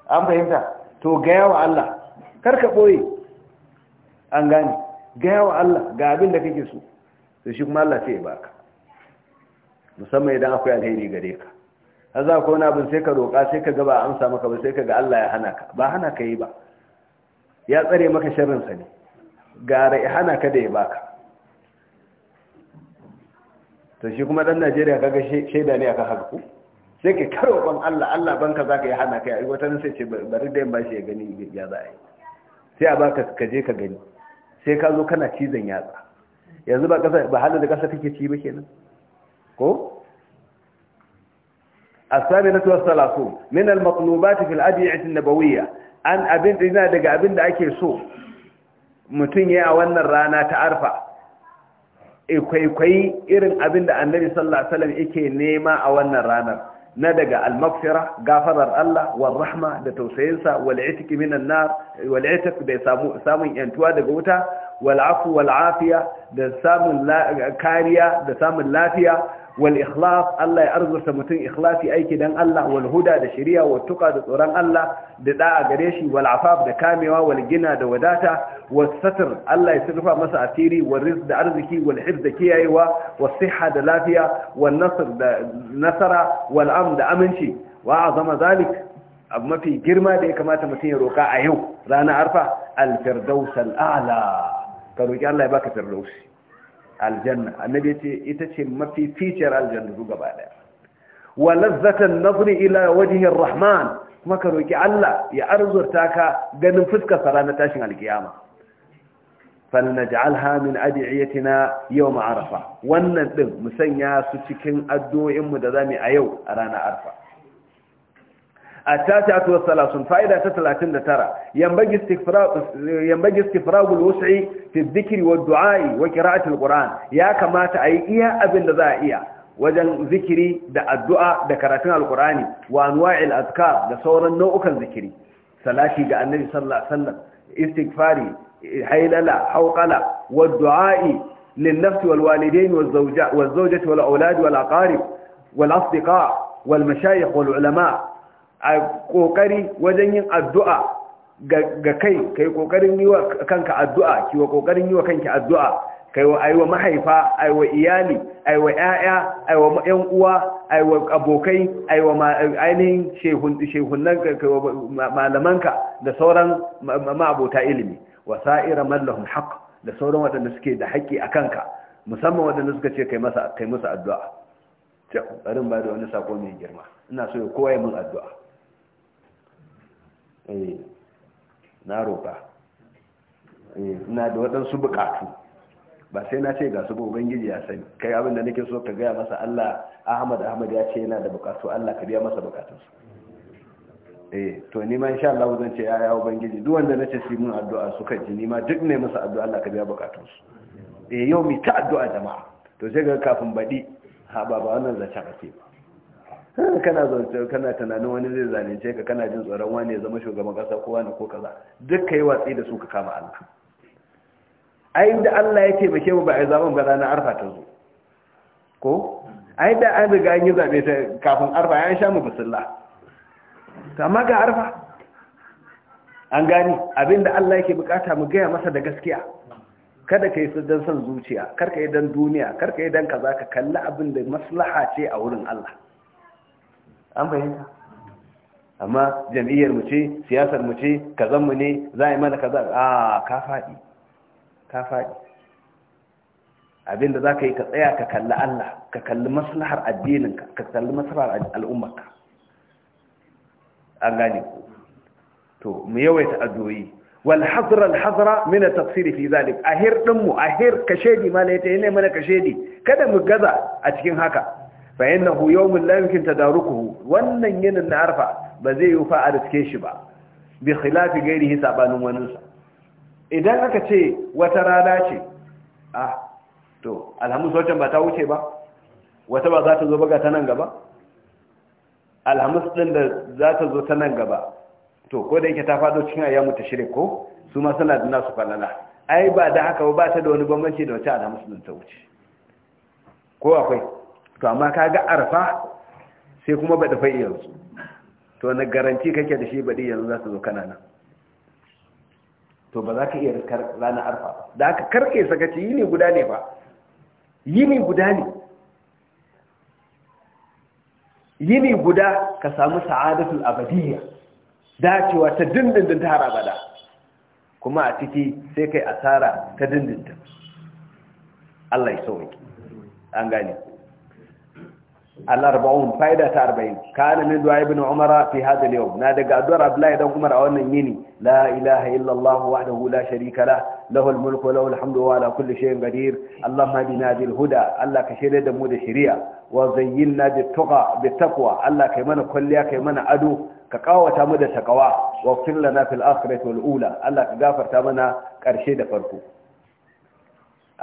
an fahimta to ga yawa Allah kar ka boye an gane ga yawa Allah ga abin da kake so to shi kuma Allah sai ya baka musamman idan akwai alheri gare ka har za ka wani abin sai ka roƙa sai ka gaba ba amsa maka ba sai ka ga Allah ya hana ka ba hana ka yi ba ya tsare maka shirinsa ne gara ya hana ka da ya baka to shi kuma dan Najeriya kaga shaida ne aka haka ku sai ka ban Allah Allah banka zaka yi hana ka ya wata nan sai ce bari da ba shi ya gani ya za a yi sai a baka ka je ka gani sai ka zo kana cizon yatsa yanzu ba kasa ba halin da kasa kake ci ba kenan ko as-sabiratu was min al-maqlubati fil nabawiyya an abin dina daga abin da ake so mutum yayi a wannan rana ta arfa e kwaikwayi irin abin da annabi sallallahu alaihi wasallam yake nema a wannan ranar na daga almagfira gafarar Allah wal rahma da tausayinsa wal itiki minan nar wal da samu samun yantuwa daga wuta wal afu wal afiya da samun kariya da samun lafiya wal ikhlas Allah ya arzuta mutum ikhlasi aiki dan Allah wal huda da shari'a wa tuqa da tsoron Allah da da'a gare shi wal afaf da kamewa wal gina da wadata was satr Allah ya sirfa masa asiri wal rizq da arziki wal hifz da kiyayewa was sihha da lafiya wal nasr da nasara wal amn da aminci wa azama zalik mafi girma da ya kamata mutum ya roka a yau ranar arfa al firdaus a'la ka roki Allah ya baka firdausi aljanna annabi ce ita ce mafi ficiyar aljanna su gaba daya wa lazzatan nazri ila wajhi rahman kuma ka roki Allah ya arzurta ka ganin fuskar sa ranar tashin alkiyama falnaj'alha min adiyatina yawm arfa, wannan din musanya su cikin addu'o'in mu da zamu a yau a ranar arfa. التاسعة والثلاثون فائدة تتلاتين ترى ينبغي استفراغ ينبغي استفراغ الوسع في الذكر والدعاء وقراءة القرآن يا كما تأي إيا أبن ذا إيا وجن ذكري دا الدعاء دا كراتنا القرآن وأنواع الأذكار دا صورا نوعك الذكري سلاشي دا النبي صلى الله عليه وسلم استغفاري حيللا حوقلا والدعاء للنفس والوالدين والزوجة والزوجة والأولاد والأقارب والأصدقاء والمشايخ والعلماء a kokari wajen yin addu'a ga kai kai kokarin yi wa kanka addu'a wa kokarin yi wa kanki addu'a kai wa aiwa mahaifa aiwa iyali aiwa 'ya'ya, aiwa ƴan uwa aiwa abokai aiwa ainihin shehun shehunan kai wa malamanka da sauran ma'abota ilimi wa sa'ira man lahum haqq da sauran waɗanda suke da haƙƙi a kanka musamman waɗanda suka ce kai masa kai musu addu'a barin ba da wani sako mai girma ina so ya kowa min addu'a Eh, na roƙa na eh, ina da waɗansu buƙatu ba sai na ce ga su ba ubangiji ya sani kai abin da nake so ka gaya masa Allah Ahmad Ahmad ya ce yana da buƙatu Allah ka biya masa buƙatunsa eh to ni ma insha Allah zan ce ya ya ubangiji duk wanda nace su mun addu'a su kai ni ma duk ne masa addu'a Allah ka biya buƙatunsu eh yau mi ta addu'a jama'a to sai ga kafin badi ha ba ba wannan zaka ake ba [LAUGHS] kana zance kana tunanin wani zai zalunce ka kana jin tsoron wani ya zama shugaban kasa ko wani ko kaza duk kai watsi da su ka kama Allah ai da Allah ya bake mu ba ai zaman ba ranar arfa ta zo ko ai da an riga an yi zabe ta kafin arfa ya sha mu bismillah amma ga arfa an gani abinda Allah yake bukata mu gaya masa da gaskiya kada ka yi don son zuciya karka yi don duniya karka yi don kaza ka kalli abin da maslaha ce a wurin Allah an fahimta amma jam'iyyar mu ce siyasar mu ce kazan mu ne za a yi mana kaza a ka faɗi ka faɗi abinda za ka yi ka tsaya ka kalli Allah ka kalli maslahar addininka ka kalli maslahar al'ummarka an gane ku to mu yawaita addu'o'i wal hazra al hazra min at tafsir fi zalik ahir din mu ahir kashedi ma ne ta yana mana kashedi kada mu gaza a cikin haka fa innahu yawmun la yumkin tadarukuhu wannan yinin na arfa ba zai yi fa a riske shi ba bi khilafi gairihi sabanin waninsa idan aka ce wata rana ce ah to alhamis wacan ba ta wuce ba wata ba za ta zo baga ta nan gaba alhamis ɗin da za ta zo ta nan gaba to ko da yake ta fado cikin ayyamu tashrik ko su ma suna da nasu falala ai ba da haka ba ta da wani bambanci da wata alhamis ɗin ta wuce ko akwai to amma ka ga arfa sai kuma baɗi fai yanzu to na garanti kake da shi baɗi yanzu za su zo kanana to ba za ka iya riskar ranar arfa ba da aka karke sakaci yi ne guda ne ba yi ne guda ne yi ne guda ka samu sa'adatul abadiyya dacewa ta dindindin ta har abada kuma a ciki sai kai asara ta dindindin Allah ya sauki an gane ku al-arba'un fa'ida ta 40 kana min du'a ibn umar fi hadha al-yawm na daga addu'ar abdullahi dan umar a wannan yini la ilaha illa allah wahdahu la sharika lah lahu al-mulku wa lahu al-hamdu wa ala kulli shay'in qadir allahumma hadina bil huda allah ka shirye da mu da shari'a wa zayyinna bit tuqa bit taqwa allah kai mana kulliya kai mana ado ka kawata mu da takawa wa fir lana fil akhirati wal ula allah ka gafarta mana karshe da farko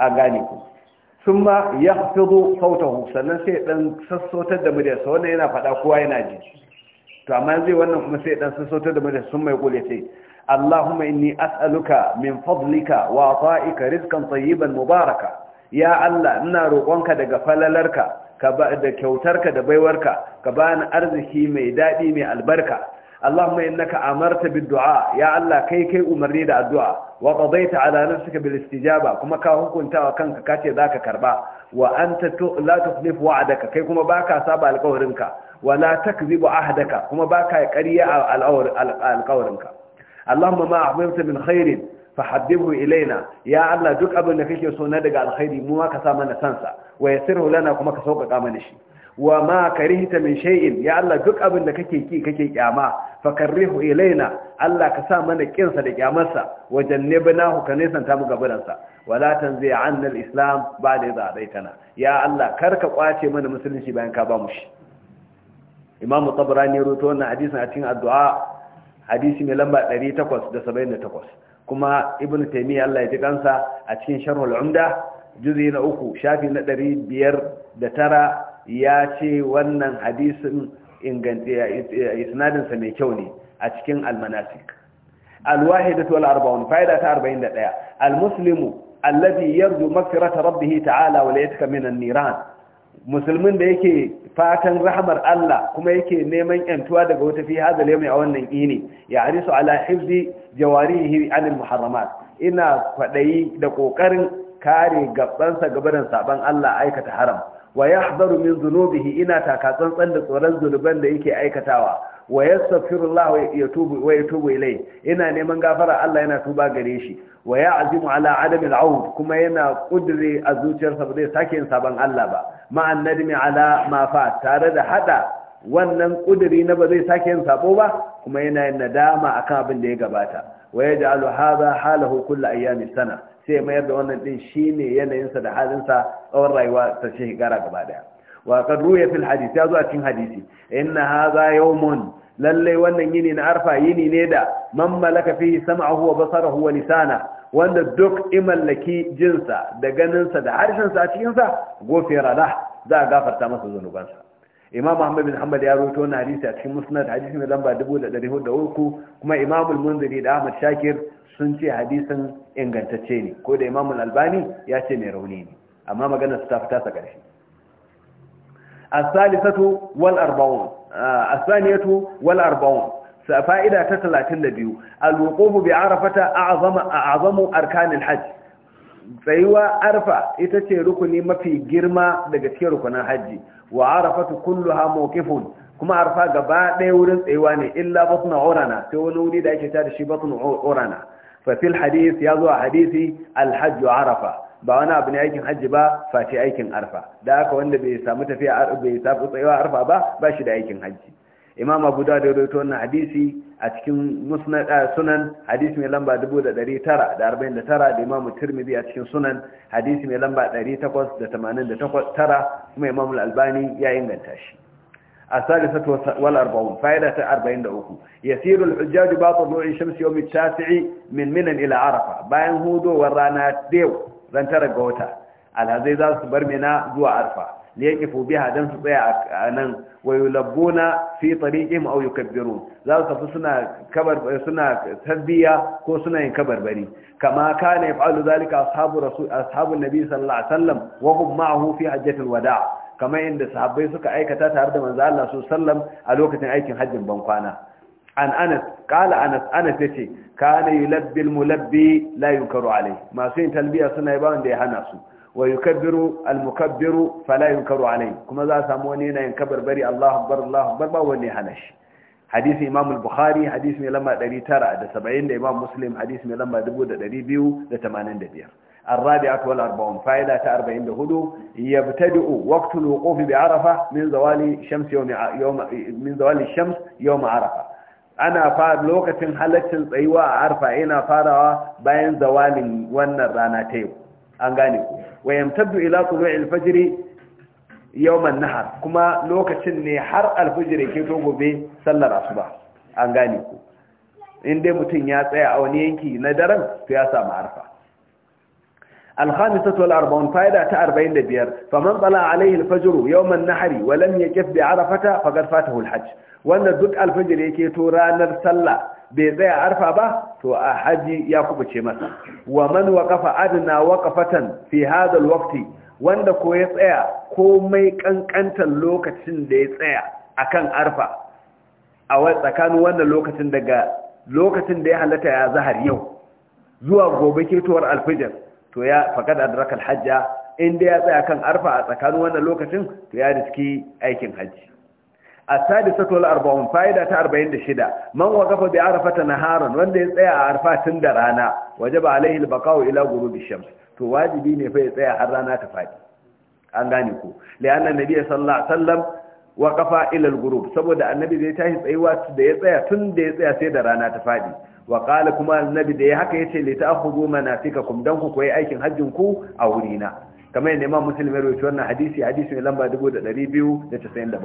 a gane ku sun ma ya zo sautahu sannan sai ɗan sassautar da muryarsa wannan yana faɗa kowa yana ji to amma zai wannan kuma sai ɗan sassautar da muryarsa sun mai kule sai Allahumma inni as'aluka min fadlika wa ata'ika rizqan tayyiban mubaraka ya Allah ina roƙonka daga falalarka ka da kyautarka da baiwarka ka bani arziki mai daɗi mai albarka Allahumma naka amarta bid-du'a ya Allah kai kai umarni da addu'a wa qadaita ala nafsika bil-istijaba kuma ka hukunta wa kanka kace zaka karba wa anta la tukhlifu wa'daka kai kuma baka saba alƙawarinka wa la takzibu ahdaka kuma baka ƙarya alƙawarinka Allahumma ma ahbabta min khairin fahabbihu ilaina ya Allah duk abin da kake so na daga alkhairi mu ma ka sa mana sansa wa yassirhu lana kuma ka sauƙaƙa mana shi wa ma karihta min shay'in ya Allah duk abin da kake ki kake kyama fa karihu ilaina Allah ka sa mana kinsa da kyamarsa wajannibnahu ka nesanta mu gabaransa wala tanzi anna al-islam ba'da idha adaitana ya Allah kar ka kwace mana musulunci bayan ka ba mu shi imamu tabrani ruwato wannan hadisin a cikin addu'a hadisi mai lamba 878 kuma ibnu taymiya Allah ya ji kansa a cikin sharhul umda juzi na uku shafi na 509 ya ce wannan hadisin isnadinsa mai kyau ne a cikin almanasik alwahidatu wal arba'un fa'ida ta ɗaya. almuslimu alladhi yarju maghfirata rabbih ta'ala wa la yatka min an-niran musulmin da yake fatan rahmar Allah kuma yake neman yantuwa daga wata fi hadal yawmi a wannan ini ya harisu ala hifzi jawarihi anil muharramat ina kwadayi da kokarin kare gabansa gabaran saban Allah aikata haram wa yahdaru min ina taka tsantsan da tsoron zunuban da yake aikatawa wa yastaghfirullah wa yatubu wa ilai ina neman gafara Allah yana tuba gare shi wa azimu ala adami aud kuma yana kudure a zuciyarsa ba zai sake yin sabon Allah ba ma'an nadmi ala fa tare da haɗa wannan kuduri na ba zai sake yin sabo ba kuma yana yin nadama akan abin da ya gabata wa ja'alu hadha halahu kull ayyamis sana sai mayar da wannan din shine yanayinsa da halinsa tsawon rayuwa ta shekara gara gaba daya wa qad ruya fil hadisi ya zo a cikin hadisi inna hadha yawmun lallai wannan yini na arfa yini ne da man malaka fihi sam'ahu wa basarahu wa lisana wanda duk imallaki jinsa da ganinsa da harshen a cikin sa gofira da za a gafarta masa zanubansa imam ahmad bin hanbal ya rawaito wannan hadisi a cikin musnad hadisi mai lamba 1403 kuma imam al-munziri da ahmad shakir sun ce hadisin ingantacce ne ko da imamul albani ya ce mai rauni ne amma maganar su ta fi tasa ƙarshe as wal arba'un fa'ida ta da biyu, wuqufu bi arafata a'zama a'zamu arkanin hajj tsayuwa arfa ita ce rukuni mafi girma daga cikin rukunin hajji wa arafatu kulluha mawqifun kuma arfa gaba ɗaya wurin tsayuwa ne illa batna urana sai wani wuri da ake da shi batna urana fa fil ya zuwa a hadisi alhajju arafa ba wani abu ne aikin hajji ba face aikin arfa da haka wanda bai samu tafiya bai samu tsayawa arfa ba ba shi da aikin hajji imam guda da rawaito wannan hadisi a cikin musnad sunan hadisi mai lamba 1949 da imam tirmidhi a cikin sunan hadisi mai lamba 1889 kuma imam albani ya inganta shi الثالثة والأربعون فائدة أربعين لأكو يسير الحجاج باطل نوع شمس يوم التاسع من منن إلى عرفة باين هودو ورانات ديو رانتر قوتا على هذه ذات برمنا دو عرفة ليكفوا بها دم سطيع أنن ويلبون في طريقهم أو يكبرون ذات سنة كبر سنة تذبية كو سنة كبر بري كما كان يفعل ذلك أصحاب, رسول أصحاب النبي صلى الله عليه وسلم وهم معه في حجة الوداع kamar yadda sahabbai suka aikata tare da manzo Allah su sallam a lokacin aikin hajjin bankwana an anas qala anas anas yace kana yulabbil mulabbi la yukaru alai masu yin talbiya suna yi ba wanda ya hana su wa yukabbiru al mukabbiru fala yukaru alai kuma za samu wani yana yin kabarbari Allahu akbar Allahu akbar ba wani ya hana shi hadisi imam al-bukhari hadisi mai lamba 970 da imam muslim hadisi mai lamba 2285 الرابعة والأربعون فائدة أربعين لهدو يبتدئ وقت الوقوف بعرفة من زوال الشمس يوم, يوم من زوال الشمس يوم عرفة أنا فار لوقة حلت أيوة عرفة أنا فار بين زوال والنرانتين أنغانيكو ويمتد إلى طلوع الفجر يوم النهر كما لوقة نحر الفجر كتوب توقف به صلى الأصبح أنغانيكو إن دي متن يا تسعي أو نينكي ندرم في أسام عرفة الخامسة والأربعون فائدة أربعين لبير فمن طلع عليه الفجر يوم النحر ولم يكف بعرفة فقد فاته الحج وأن الدك الفجر يكي تورانر سلة بيزي عرفة به تو حجي ياكوب الشمسة ومن وقف أدنى وقفة في هذا الوقت وأن كو يسعي كو ميك أنكنت اللوكة دي يسعي أكان عرفة أو أكان وأن اللوكة دقاء لوكة دي حلتها يا زهر يوم زوا gobe ketowar alfijar to ya faqad adraka al-hajja in ya tsaya kan arfa a tsakanin wannan lokacin to ya riski aikin haji as-sadisatu wal-arba'un fa'ida ta 46 man waqafa bi arafata naharan wanda ya tsaya a arfa tun da rana wajaba alaihi al-baqa'u ila ghurubi shams to wajibi ne fa ya tsaya har rana ta fadi an gane ku li'anna nabiyyi sallallahu alaihi wasallam Waƙafa ilal gurub saboda annabi zai tashi tsayuwa da ya tsaya tun da ya tsaya sai da rana ta faɗi wa kuma annabi da ya haka ya ce yace li ta'khudhu manasikakum dan ku koyi aikin hajjin ku a wurina kamar yadda Imam Muslim ya rawaito wannan hadisi hadisi mai lamba 2297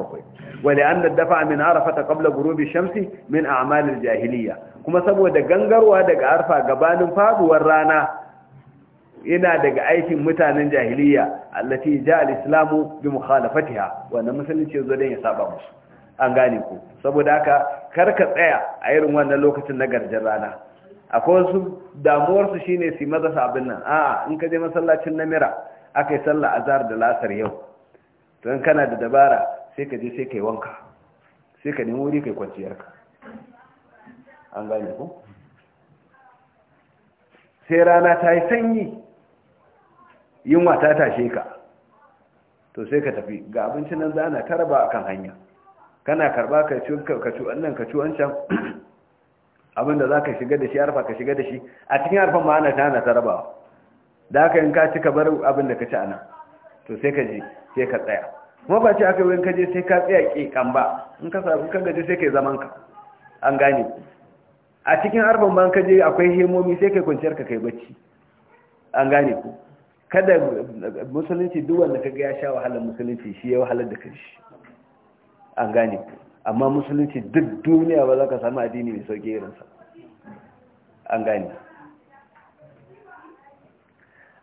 wa li anna dafa min ta qabla gurubin shamsi min a'mal al-jahiliyya kuma saboda gangarwa daga arfa gabanin faduwar rana yana daga aikin mutanen jahiliya allati ja al-islamu bi mukhalafatiha wannan musulunci zo dan ya saba musu an gane ku saboda haka kar ka tsaya a irin wannan lokacin na garjin rana akwai wasu damuwar su shine su maza abin nan a in ka je masallacin namira akai sallah azhar da lasar yau to in kana da dabara sai ka je sai kai wanka sai ka nemi wuri kai kwanciyarka an gane ku sai rana ta yi sanyi yunwa ta tashe ka to sai ka tafi ga abincin nan zana ta raba akan hanya kana karba ka ci ka ci wannan ka ci wancan [CLEARS THROAT] abinda za ka shiga da shi harfa ka shiga da shi a cikin arfan ma ana tana ta rabawa da haka in ka ci ka bar abin da ka ci anan. to sai ka je sai ka tsaya kuma ba ce aka yi ka je sai ka tsaya kan ba in ka sabu kan gaji sai ka yi zaman ka an gane a cikin harfan ban ka je akwai hemomi sai ka kwanciyar ka kai bacci an gane ku kada musulunci duk wanda kaga ya sha wahalar musulunci shi ya wahalar da kanshi an gane amma musulunci duk duniya ba za ka samu addini mai irin irinsa an gane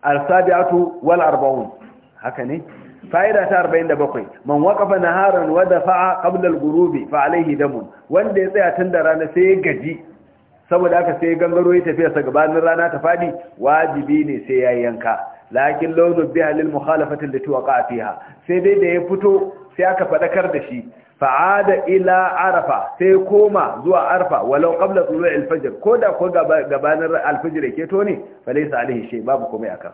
al-sabi'atu wal arba'un haka ne fa'ida ta 47 man waqafa naharan wa dafa'a qabla al-ghurubi fa alayhi damun wanda ya tsaya tun da rana sai ya gaji saboda haka sai ya gangaro ya tafi sa gabanin rana ta fadi wajibi ne sai ya yanka lakin launin biha lil mukhalafatin lati waqa fiha sai dai da ya fito sai aka faɗakar da shi fa'ada ila arafa sai koma zuwa arafa walau qabla tulu'i al-fajr koda ko gabanin al-fajr yake to ne fa laysa alaihi shay babu komai a sa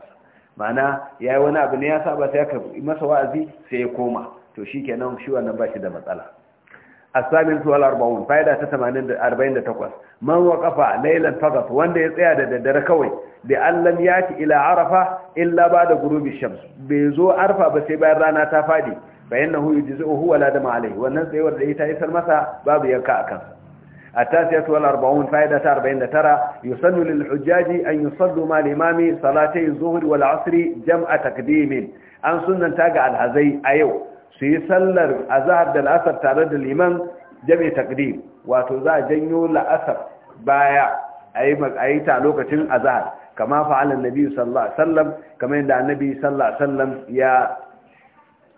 mana yayi wani abu ne ya saba sai aka masa wa'azi sai ya koma to shikenan shi wannan ba shi da matsala asamin su al-arba'un faida ta 48 man waqafa laylan faqat wanda ya tsaya da daddare kawai bi allam yati ila arafa illa ba'da ghurubi shams bai zo arfa ba sai bayan rana ta fadi fa innahu yujzi'uhu wa la dama wannan tsayawar da ita isar masa babu yanka akan التاسعة والأربعون فائدة أربعين ترى يسن للحجاج أن يصلوا مع الإمام صلاتي الظهر والعصر جمع تقديم أن سنن تاقع الهزي أيوه su yi sallar azahar da la'asar tare da liman jami takdim wato za a janyo la'asar baya a yi ta lokacin azahar, kama fa'ala nabi sallallahu alaihi wasallam kama yadda annabi sallallahu alaihi wasallam ya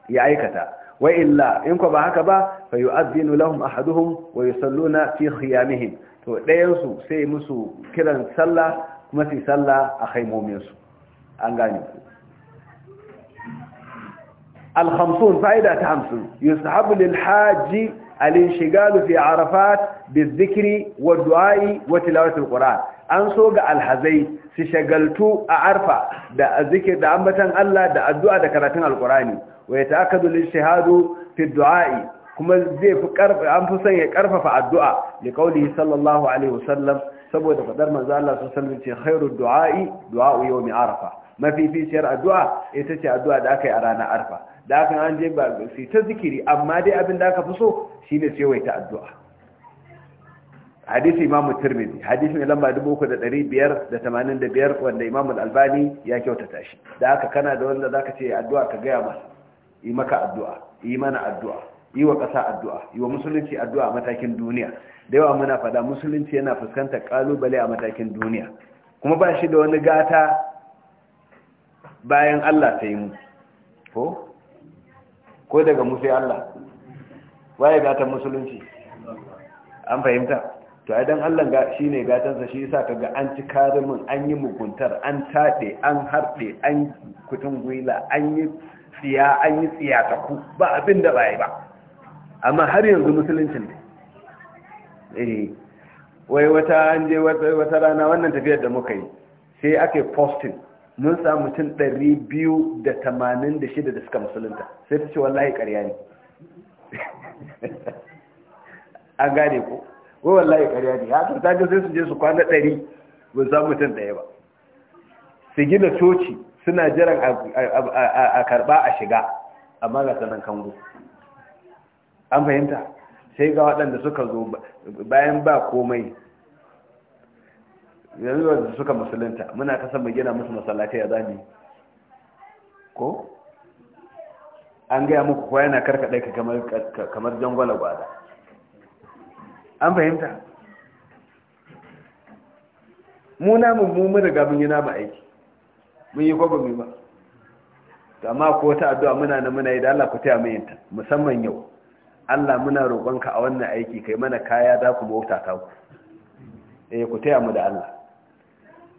ya aikata wa illa in ko ba haka ba fa yu'adhdhinu lahum ahaduhum wa yusalluna fi khiyamihim to ɗayan su sai musu kiran sallah kuma su sallah a khaimomin an gane ku الخمسون فائدة خمسون يستحب للحاج الانشغال في عرفات بالذكر والدعاء وتلاوة القرآن an so ga alhazai su shagaltu a arfa da zikir Allah da addu'a da karatun alkurani wa ya ta'akadu lishihadu kuma zai fi son ya karfafa addu'a li qaulihi sallallahu alaihi wasallam saboda fadar du'a'i du'a'u mafificiyar addu'a ita ce addu'a da aka yi a ranar arfa da aka an je ba yi ta zikiri amma dai abin da aka fi so shine sai ta addu'a hadisi imam tirmidhi hadisi mai lamba 3585 wanda imam al-albani ya kyautata shi da aka kana da wanda zaka ce addu'a ka gaya masa yi maka addu'a yi mana addu'a yi wa ƙasa addu'a yi wa musulunci addu'a a matakin duniya da yawa muna faɗa musulunci yana fuskantar ƙalubale a matakin duniya kuma ba shi da wani gata bayan Allah yi mu ko ko daga mu sai Allah waye gatan musulunci an fahimta to ai dan Allah shi ne gatansa shi yasa kaga an ci karimin an yi muguntar an tade an harde an kutun gwila an yi tsiya an yi tsiya ta ku ba abin da bai ba amma har yanzu musuluncin ne eh wai wata an je wata rana wannan tafiyar da muka yi sai ake posting mun samu mutum ɗari biyu da tamanin da shida da suka musulunta sai ta ce wallahi ƙarya ne [LAUGHS] an gane ko wai wallahi ƙarya ne ya ta ga sai su je su kwana ɗari mun samu mutum ɗaya ba su gina coci suna jiran a karɓa a shiga amma ga sanan kango an fahimta sai ga waɗanda suka zo bayan ba komai yanzu da suka musulunta muna kasa mai gina musu masallatai a zami ko an gaya muku kwaya yana karkaɗe ka kamar jangwala gwada an fahimta mu namun mu daga mun yi namu aiki mun yi kwaba mai ba amma ko ta addu'a muna na muna yi da Allah ku taya mai yinta musamman yau Allah muna roƙonka a wannan aiki kai mana kaya za ku bauta ta ku eh ku taya mu da Allah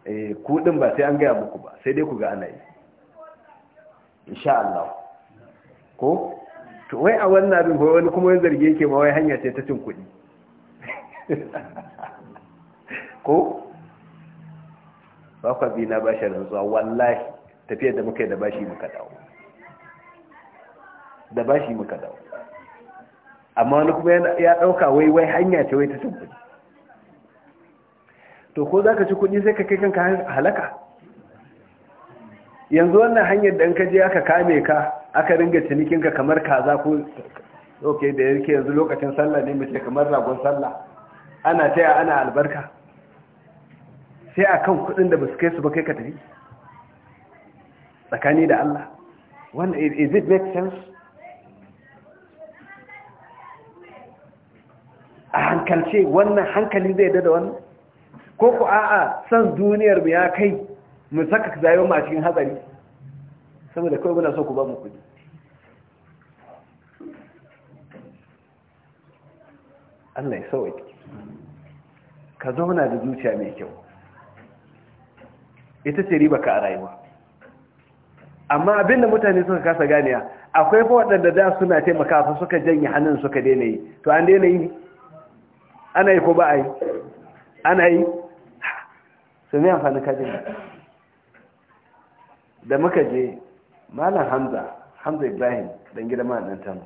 Eh, kudin ba sai an gaya muku ba sai dai ku ga ana yi insha Allah ko to wai a wannan abin ko wani kuma wani zargi yake ma wai hanya ce ta cin kudi [LAUGHS] ko ba ku bi na bashi rantsuwa wallahi tafiya da muka yi da bashi muka dawo da bashi muka dawo amma wani kuma ya dauka wai wai hanya ce wai ta cin kudi to ko za ka ci kuɗi sai ka kai kanka halaka yanzu wannan hanyar da ka je aka kame ka aka ringa cinikinka kamar kaza ko ok da yake yanzu lokacin sallah ne mace kamar ragon sallah ana taya ana albarka sai a kan kudin da ba su kai su ba kai ka tafi tsakani da Allah wannan is it make sense a hankalce wannan hankali zai dada wannan ko ku a'a san duniyar mu ya kai mu saka zayo ma cikin hatsari saboda kawai muna so ku ba mu kuɗi Allah ya sauwaƙi ka zauna da zuciya mai kyau ita ce riba ka a rayuwa amma abin da mutane suka kasa ganiya akwai fa waɗanda da suna taimaka fa suka janye hannun suka daina yi to an daina yi ne ana yi ko ba a yi ana yi su ne amfani kajin da muka je malam hamza hamza ibrahim dan gida ɗan tamu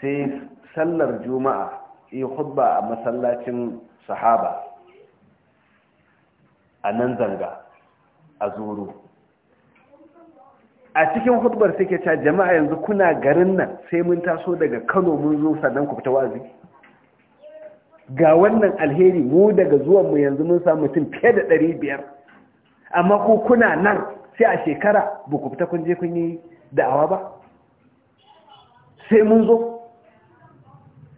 sai sallar juma'a yi hudba a masallacin sahaba a nan zanga a zuru a cikin hudbar suke ca jama'a yanzu kuna garin nan sai mun taso daga kano mun zo sannan ku fita wazi ga wannan alheri mu daga zuwan mu yanzu mun samu mutum fiye da ɗari biyar amma ko kuna nan sai a shekara ba ku fita kun je kun yi da'awa ba sai mun zo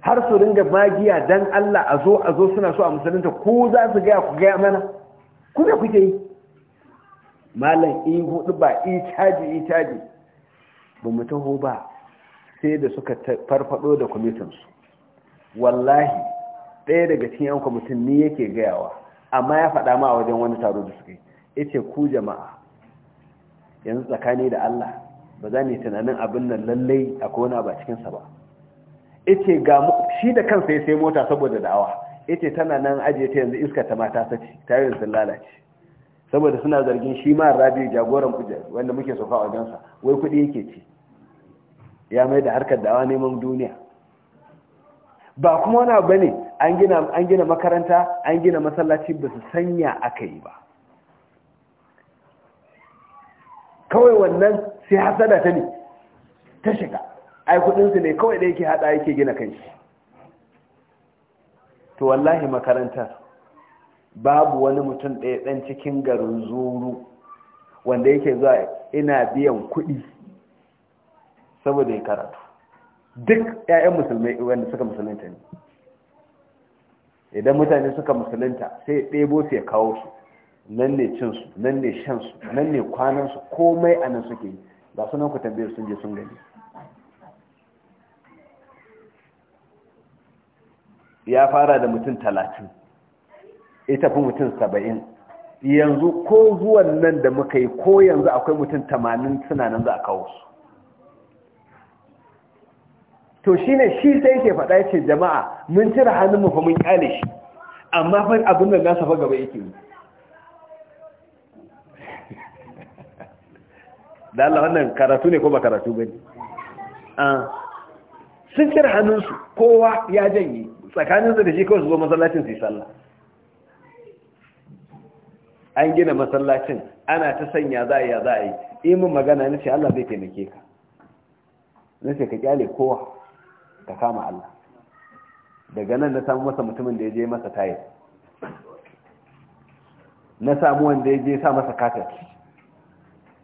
har su ringa magiya dan Allah a zo a zo suna so a musulunta ko za su gaya ku gaya mana ku ne kuke yi malam i hudu ba i caji i caji ba mu taho ba sai da suka farfado da kwamitinsu wallahi ɗaya daga cikin yan kwamitin ni yake gayawa amma ya faɗa ma a wajen wani taro da suka yi Ice ku jama'a yanzu tsakani da Allah ba za ni tunanin abin nan lallai a kona ba cikin sa ba Ice ga shi da kansa ya sai mota saboda da'awa Ice tana nan aje ta yanzu iska ta mata sace yi sun lalace saboda suna zargin shi ma rabi jagoran kujer wanda muke sofa a gansa wai kuɗi yake ci ya mai da harkar da'awa neman duniya ba kuma wani abu ne an gina makaranta an gina masallaci ba su sanya aka yi ba kawai wannan sai hasada ta ne ta shiga ai kudinsu ne kawai da yake hada yake gina kanshi to wallahi makarantar babu wani mutum ɗaya ɗan cikin garin zuru wanda yake zuwa ina biyan kuɗi saboda ya karatu duk 'ya'yan musulmai wanda suka musulunta ne idan mutane suka musulunta sai ɗebo su ya kawo su nan ne cinsu nan ne shansu nan ne kwanansu komai a nan suke yi su sunan ku tambayar sun je sun gani ya fara da mutum talatin ita fi mutum saba'in yanzu ko zuwan nan da muka yi ko yanzu akwai mutum tamanin suna nan za a kawo su to ne shi sai yake faɗa ce jama'a mun cire hannun mu fa mun kyale shi amma fa abin da nasa fa gaba yake yi [LAUGHS] da Allah wannan karatu ne ko ba karatu bane ah sun cire hannun su kowa ya janye tsakanin su da shi kawai su zo masallacin su yi sallah an gina masallacin ana ta sanya za a yi za a yi imin magana na ce Allah zai taimake ka na ce ka kyale kowa ka kama Allah daga nan na samu masa mutumin da ya je masa tayar na samu wanda ya je sa masa katak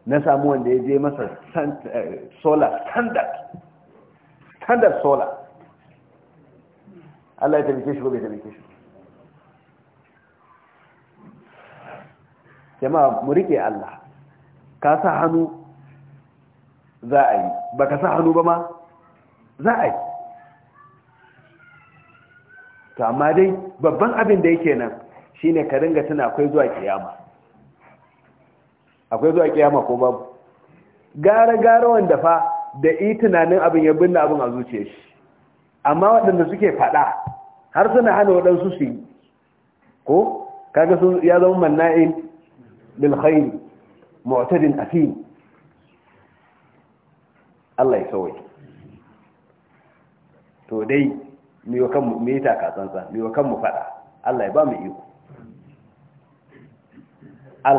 na samu wanda ya je masa eh, solar standard standard solar Allah ya tabbace shi ko bai tabbace shi jama'a mu rike Allah ka sa hannu za a yi ba ka sa hannu ba ma za a yi to amma dai babban abin da yake nan shine ka ringa suna akwai zuwa kiyama akwai zuwa kiyama ko babu gara gara wanda fa da yi tunanin abin ya binne abin a zuce shi amma waɗanda suke faɗa har suna hana waɗansu su yi ko kaga sun ya zama manna'in bil khair mu'tadin Allah ya sauke to dai mu yi kanmu mu yi taka mu yi kanmu fada Allah ya ba mu iko al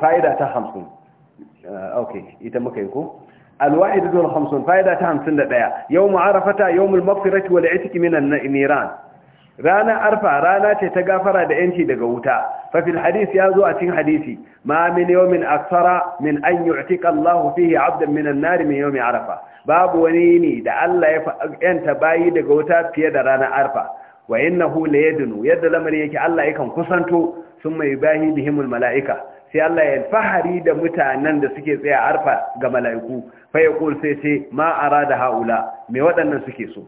fa'ida ta 50 uh, okay ita muka yi ko al-wa'idatu al hamsun fa'ida ta Yau yawm arafata yawm al-maghfirati wal-'itq min an ranar arfa rana ce ta gafara da yanci daga wuta fafil hadis ya zo a cikin hadisi ma min yawmin aksara min an yu'tika Allah fihi 'abdan min an-nar min yawmi arfa babu wani ne da Allah ya yanta bayi daga wuta fiye da ranar arfa wa innahu layadnu yadda lamari yake Allah yakan kusanto summa yubahi bihimul mala'ika sai Allah ya fahari da mutanen da suke tsaya arfa ga mala'iku fa yaqul sai sai ma arada haula me waɗannan suke so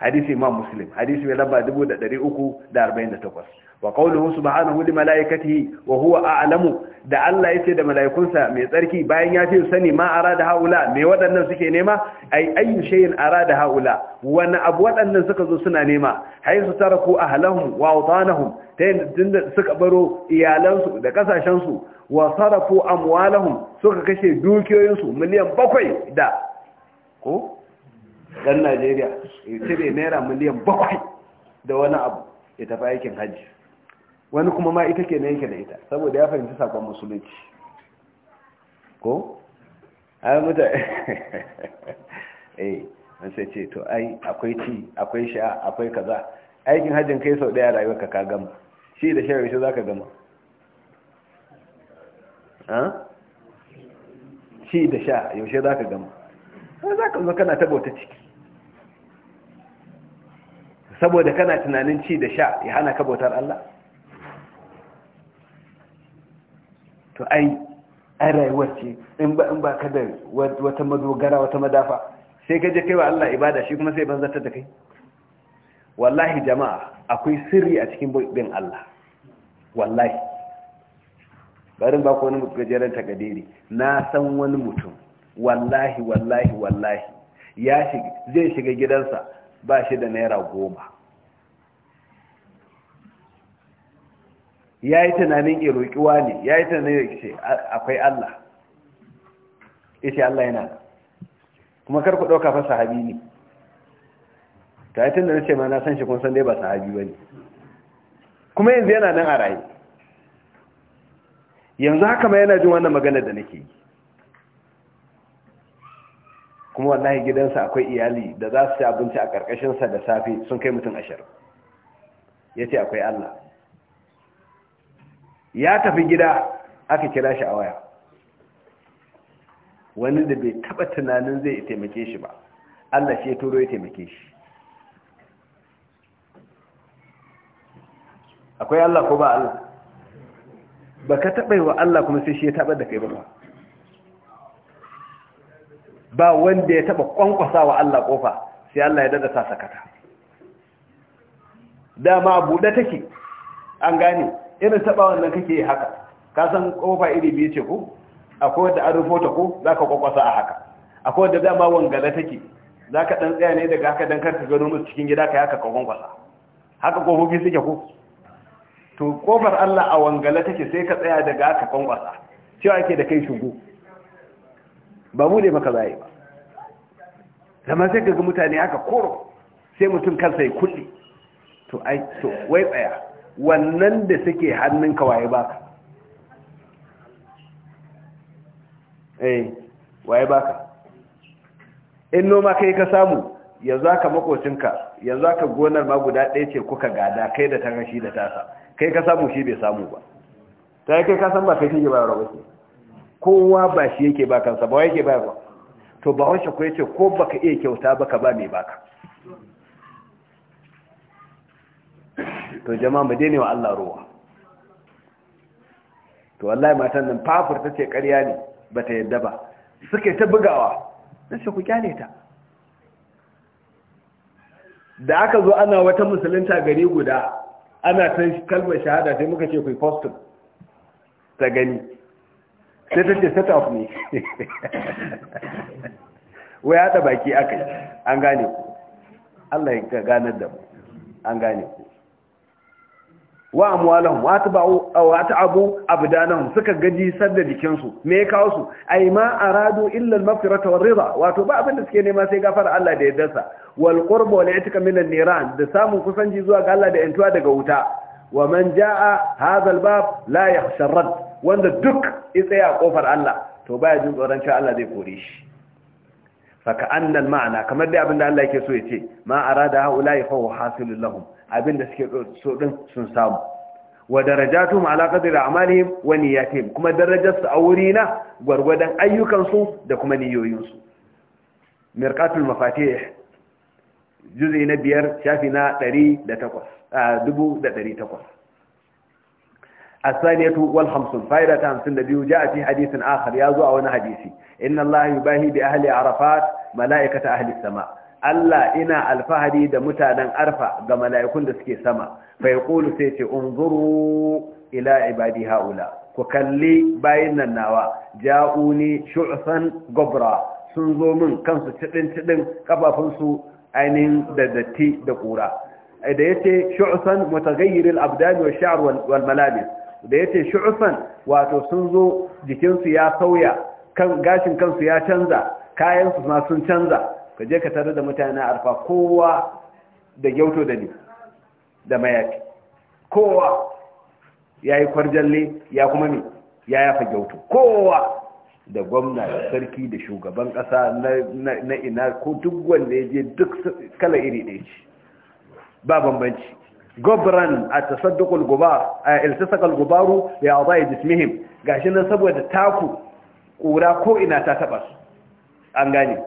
hadisi imam muslim hadisi mai lamba 348 wa qawluhu subhanahu li malaikatihi wa huwa a'lamu da Allah yace da malaikunsa mai tsarki bayan ya fi sani ma arada haula me waɗannan suke nema ai ayyu shay'in arada haula wani abu waɗannan suka zo suna nema haythu taraku ahlahum wa awtanahum tunda suka baro iyalansu da kasashensu wa sarafu amwalahum suka kashe dukiyoyinsu miliyan bakwai da ko dan najeriya ya cire naira miliyan bakwai da wani abu ya tafi aikin hajji wani kuma ma ita ke na yanke da ita saboda ya fahimci sakon musulunci ko? ai muta [LAUGHS] eh an sai ce to ai akwai ci akwai sha akwai kaza aikin hajjin kai sau daya rayuwarka ka gama shi da shi shi za ka gama shi da sha yaushe za ka gama sai za ka zo kana ta bauta ciki saboda kana tunanin ci da sha ya hana ka bautar Allah to ai ai rayuwar ce in ba in ba ka da wata madogara wata madafa sai ka je kai wa Allah ibada shi kuma sai zarta da kai wallahi jama'a akwai sirri a cikin bin Allah wallahi barin ba ku wani gajeren takadiri na san wani mutum wallahi wallahi wallahi ya zai shiga gidansa ba shi da naira goma ya yi tunanin iroƙiwa ne ya yi tunanin ce akwai Allah ishe Allah yana kuma karku ɗauka fa sahabi ne ta yi tunanin ce ma na san shi kun san dai ba sahabi ba ne kuma yanzu yana nan a rayu. yanzu haka ma yana jin wannan magana da nake yi kuma wallahi gidansa akwai iyali da za su ci abinci a ƙarƙashinsa da safe sun kai mutum ashirin ya ce akwai Allah ya tafi gida aka kira shi a waya wani da bai taɓa tunanin zai taimake shi ba Allah shi ya turo ya taimake shi akwai Allah ko ba Allah ba ka taɓa yi wa Allah kuma sai shi ya taɓa da kai ba ba ba wanda ya taba kwankwasa wa Allah kofa sai Allah ya dada sa sakata dama abu da take an gane irin taba wannan kake haka ka san kofa iri biye ce ko akwai wanda an rufo ta ko zaka kwankwasa a haka akwai wanda dama wangala take zaka dan tsaya ne daga haka dan karka gano musu cikin gida kai haka ka kwankwasa haka kofofi suke ko to kofar Allah a wangala take sai ka tsaya daga haka kwankwasa cewa yake da kai shugo ba mu ne maka zaye ba zama sai ga mutane aka koro sai mutum kansa ya kulli to ai to wai tsaya wannan da suke hannun waye baka eh waye baka in noma kai ka samu yanzu aka makocinka yanzu aka gonar ma guda ɗaya ce kuka gada kai da ta rashi da tasa kai ka samu shi bai samu ba ta yi kai ka san ba kai shi ba rabu kowa ba shi yake ba kansa ba yake ba ba to ba wancan ko yace ko baka iya kyauta baka ba mai baka to jama'a mu daina wa Allah ruwa to wallahi matan nan fafur tace ƙarya ne ba ta yadda ba suke ta bugawa shi ku kyale ta da aka zo ana wata musulunta gari guda ana ta kalmar shahada sai muka ce ku postin ta gani sai ta ce set of ne wai hada baki aka yi an gane ku Allah ya ka ganar da mu an gane ku wa amwalahum wa tabu wa ta'abu abdanahum suka gaji sarda jikin su me ya kawo su ai ma aradu illa al mafirata war ridha wato ba abin da suke nema sai gafara Allah da yaddarsa wal qurba wal itika min an-niran da samun kusanci zuwa ga Allah da intuwa daga wuta wa man jaa hadha al-bab la yakhsharad wanda duk ya a kofar Allah to baya jin tsoron cewa Allah zai kore shi faka annal ma'ana kamar dai abinda Allah yake so ya ce ma arada haula'i fa huwa hasilul lahum abinda suke so din sun samu wa darajatuhum ala qadri a'malihim wa niyyatihim kuma darajarsu a wuri na ayyukansu da kuma niyoyinsu mirqatul mafatih juz'i na biyar shafi na 108 1800 الثانية والخمسون فائدة همسن دبيو جاء في حديث آخر wani hadisi حديثي إن الله يباهي بأهل عرفات mala'ikata أهل sama Allah ina alfahari da mutanen arfa ga mala'ikun da suke sama, fa ya ƙulu sai ce, "Unzuru ila ibadi ha'ula, ku kalli bayin nan nawa, ja'uni shu'usan gobra sun zo min kansu ciɗin-ciɗin ƙafafunsu ainihin da datti da ƙura." Da yace shusan "Shu'usan mutagayyirin wa sha'ar wal malabis, da yace shu'usan wato sun zo jikinsu ya sauya kan gashin kansu ya canza kayansu ma sun canza ka je ka tare da mutane arfa kowa da gyauto da ni da mayaki kowa ya yi kwarjalle ya kuma ne ya yafa gyauto kowa da gwamna da sarki da shugaban ƙasa na ina ko duk wanda ya je duk kala iri ɗaya ce ba bambanci gobran a tasaddukul gubar a iltisakal gubaru ya a zai jismihim shi nan saboda taku kura ko ina ta taba su an gane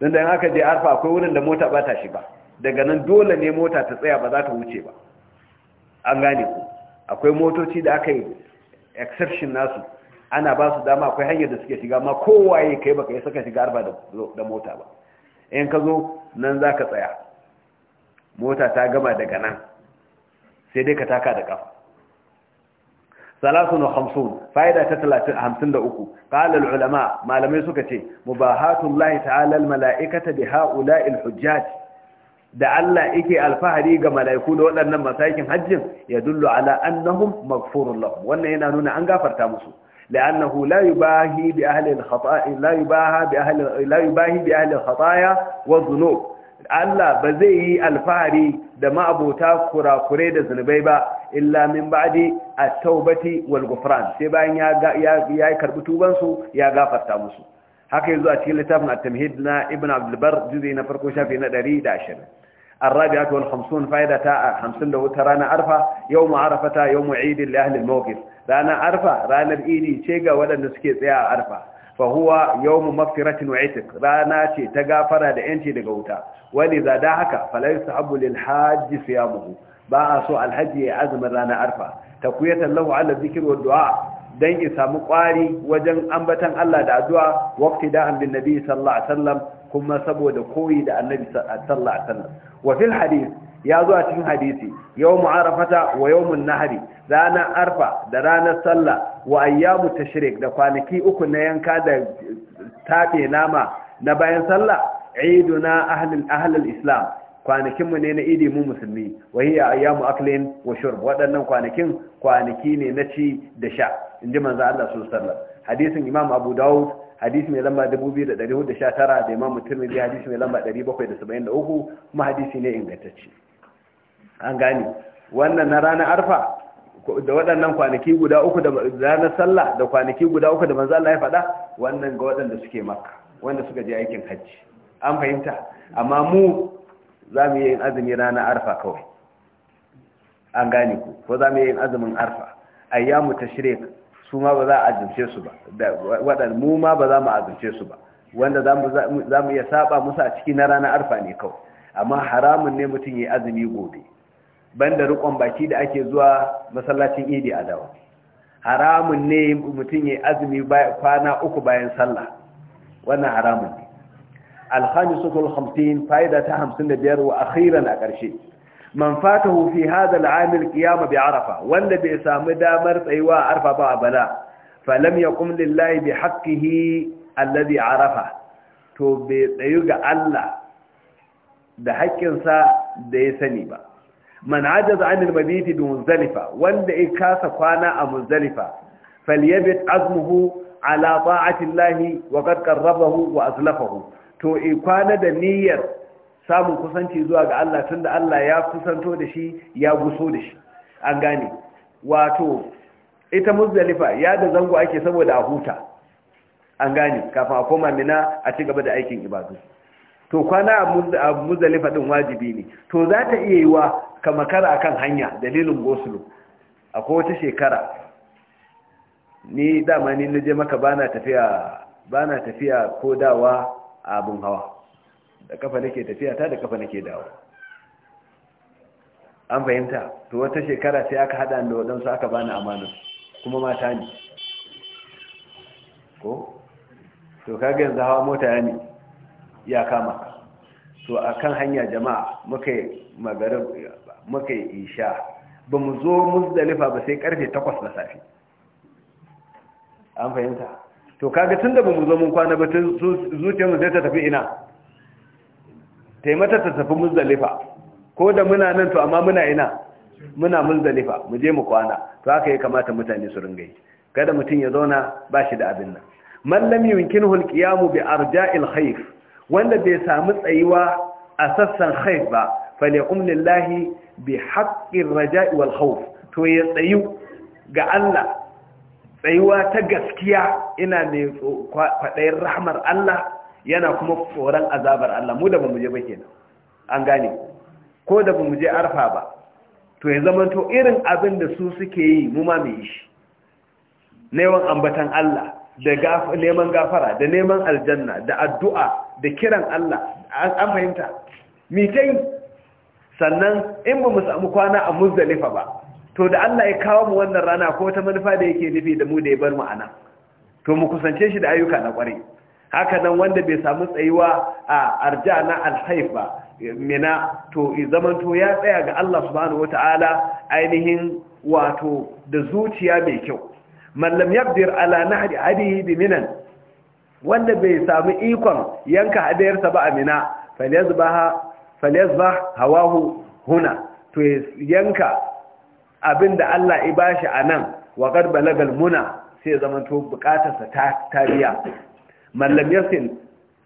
dan dan aka je arfa akwai wurin da mota bata shi ba daga nan dole ne mota ta tsaya ba za ta wuce ba an gane ku akwai motoci da aka yi exception nasu ana ba su dama akwai hanyar da suke shiga ma kowaye kai baka yi saka shiga arba da mota ba in ka zo nan za ka tsaya mota ta gama daga nan sai dai ka taka da kafa salasun hamsun fa'ida ta 53 qala al ulama malamai suka ce mubahatullahi ta'ala mala'ikata bi ha'ula'il hujjat da Allah ike alfahari ga mala'iku da waɗannan masakin hajjin ya dullu ala annahum maghfurun lahum wannan yana nuna an gafarta musu لأنه لا يباهي بأهل الخطايا لا يباهى بأهل لا يباهي الخطايا والذنوب Allah ba zai yi alfahari da ma'abota kurakure da zunubai ba illa min ba'di at-taubati wal gufran, sai bayan ya ya karbi tubansu, ya gafarta musu haka yanzu a cikin littafin at-tamhid na ibn Abdulbar, bar na farko shafi na 120 الرابعة والخمسون فائدة خمسين لو ترانا عرفة يوم عرفة يوم عيد لأهل الموقف رانا ranar رانا بإيدي شيقة ولا نسكيت يا arfa. Bahuwa huwa yawmu ratin wa rana ce ta gafara da yanci daga wuta wani za da haka fala yusahabu lil ya siyamuhu ba a so alhaji ya azumin rana arfa takuyatan lahu ala dhikr wa du'a dan ya samu kwari wajen ambatan Allah da addu'a waqti da an bin nabi sallallahu alaihi wasallam kuma saboda koyi da annabi sallallahu alaihi wasallam wa fil hadith ya zo a cikin hadisi yawmu arafata wa yawmun nahri ranar arfa da ranar sallah wa ayyamu tashrik da kwanaki uku na yanka da tafe nama na bayan sallah iduna ahlul ahlul islam kwanakinmu ne na idi mu musulmi wa hiya ayyamu aklin wa shurb waɗannan kwanakin kwanaki ne na ci da sha inji manzo Allah sallallahu alaihi hadisin imam abu daud hadisi mai lamba 2419 da imam tirmidhi hadisi mai lamba 773 kuma hadisi ne ingantacce an gane wannan na ranar arfa da waɗannan kwanaki guda uku da ranar sallah da kwanaki guda uku da manzo Allah ya faɗa wannan ga waɗanda suke makka wanda suka je aikin hajji an fahimta amma mu za mu yi azumi ranar arfa kawai an gane ku ko za mu yi azumin arfa ayyamu tashrik su ma ba za a azumce su ba waɗannan mu ma ba za mu azumce su ba wanda za mu iya saba musu a ciki na ranar arfa ne kawai amma haramun ne mutum ya azumi gobe banda rikon baki da ake zuwa masallacin idi a dawo haramun ne mutum ya azumi kwana uku bayan sallah wannan haramun ne alhamisul hamsin fa'ida ta hamsin da biyar wa akhiran a ƙarshe man fatahu hufi hadha al'amil qiyama bi arafa wanda bai samu damar tsayuwa a arfa ba a bala falam yaqum lillahi bi haqqihi alladhi arafa to bai tsayu ga Allah da haƙƙinsa da ya sani ba man ajaza anil mabiti bi muzdalifa wanda ya kasa kwana a muzdalifa falyabit azmuhu ala ta'ati llahi wa qad qarrabahu wa azlafahu to in kwana da niyyar samun kusanci zuwa ga Allah tunda Allah ya kusanto da shi ya guso da shi an gane wato ita muzdalifa ya da zango ake saboda a huta an gane kafin a koma mina a ci gaba da aikin ibadu to kwana a muzalifa din wajibi ne to za ta iya yi wa ka makara akan hanya dalilin gosulo a wata shekara ni dama ni na je maka bana tafiya bana tafiya ko dawa a abin hawa da kafa nake tafiya ta da kafa nake dawa an fahimta to wata shekara sai aka hada da waɗansu aka bani amana kuma mata ne ko to kaga yanzu hawa mota ya ne ya kama to a kan hanya jama'a muka magarin muka isha ba mu zo musdalifa ba sai karfe takwas na safe an fahimta to kaga da ba mu zo mun kwana ba tun zuciyarmu zai ta tafi ina taimata ta tafi musdalifa ko da muna nan to amma muna ina muna musdalifa mu je mu kwana to haka ya kamata mutane su ringa yi kada mutum ya zauna ba shi da abin nan Mallami lam yumkinuhu alqiyamu bi arja'il khayf wanda bai samu tsayuwa a sassan haif ba falyaqum lillahi bi haƙƙin raja'i wal khawf to ya tsayu ga Allah tsayuwa ta gaskiya ina mai kwaɗayin rahmar Allah yana kuma tsoron azabar Allah mu da ba mu je ba kenan an gane ko da ba je arfa ba to ya to irin abin da su suke yi mu ma mu shi na yawan ambatan Allah da neman gafara da neman aljanna da addu'a da kiran Allah an fahimta mitai sannan in ba mu samu kwana a muzdalifa ba to da Allah ya kawo mu wannan rana ko ta manufa da yake nufi da mu da ya bar mu anan to mu kusance shi da ayyuka na kwarai haka nan wanda bai samu tsayuwa a arja na alhaif ba mina to zaman to ya tsaya ga Allah subhanahu wataala ainihin wato da zuciya mai kyau mallam lam yaqdir ala nahri hadihi bi wanda bai samu ikon yanka hadayarsa ba a mina falyazbaha falyazbah hawahu huna to yanka abinda Allah ya bashi anan wa qad balagal muna sai zamanto bukatarsa ta tariya Mallam lam yasin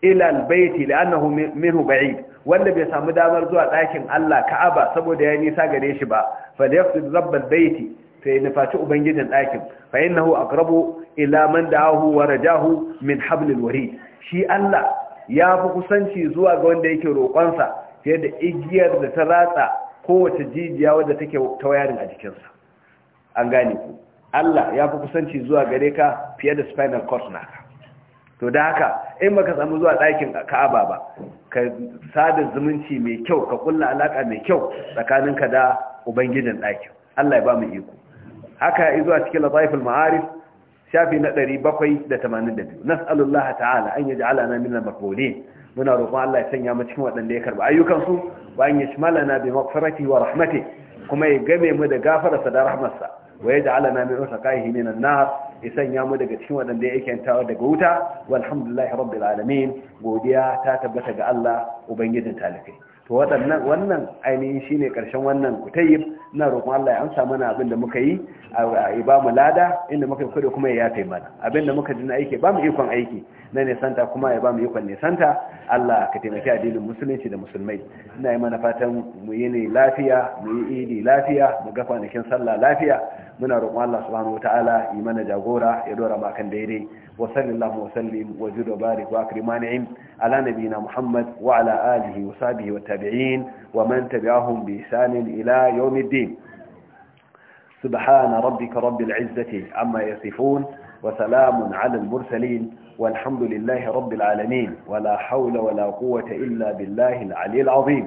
ila albayti li'annahu minhu ba'id wanda bai samu damar zuwa ɗakin Allah Ka'aba saboda ya nisa gare shi ba falyafsid rabbal baiti sai faci ubangijin ɗakin fa Nahu aqrabu ilaman da ahu wa rajahu min hablil wari shi Allah ya fi kusanci zuwa ga wanda yake roƙonsa fiye da igiyar da ta ratsa kowace jijiya wadda take wayarin a jikinsa an gane ku Allah ya fi kusanci zuwa gare ka fiye da spinal cord naka to da haka in baka samu zuwa ɗakin Ka'aba ba ka sada zumunci mai kyau ka kulla alaka mai kyau tsakaninka da ubangijin ɗakin Allah ya ba mu iko haka izu a cikin lataiful ma'arif shafi na 782 nas'alullaha ta'ala an yaj'alana min al-maqbulin muna roƙon Allah ya sanya mu cikin waɗanda ya karba ayyukansu. wa an yashmalana bi maghfirati wa rahmati kuma ya game mu da gafararsa da rahmarsa wa yaj'alana min usqaihi min an-nar ya sanya mu daga cikin waɗanda ya kyantawa daga wuta walhamdulillahi rabbil alamin godiya ta tabbata ga Allah ubangijin talikai to waɗannan wannan ainihin shine ƙarshen wannan kutayib ina roƙon Allah ya amsa mana abin da muka yi a ba mu lada inda muka kudu kuma ya yafe mana abin da muka ji na aiki ba mu ikon aiki na nisanta kuma ya ba mu ikon nisanta Allah ka taimaki addinin musulunci da musulmai ina yi mana fatan mu yi ne lafiya mu yi idi lafiya mu ga kwanakin sallah lafiya muna roƙon Allah subhanahu wataala yi mana jagora ya dora ma kan daidai wa sallallahu wa sallim wa jid wa barik wa akrim an'im ala nabiyina muhammad wa ala alihi wa sahbihi wa tabi'in wa man tabi'ahum bi ihsan ila yawmiddin subhana rabbika rabbil izzati amma yasifun wa salamun ala al mursalin والحمد لله رب العالمين ولا حول ولا قوة إلا بالله العلي العظيم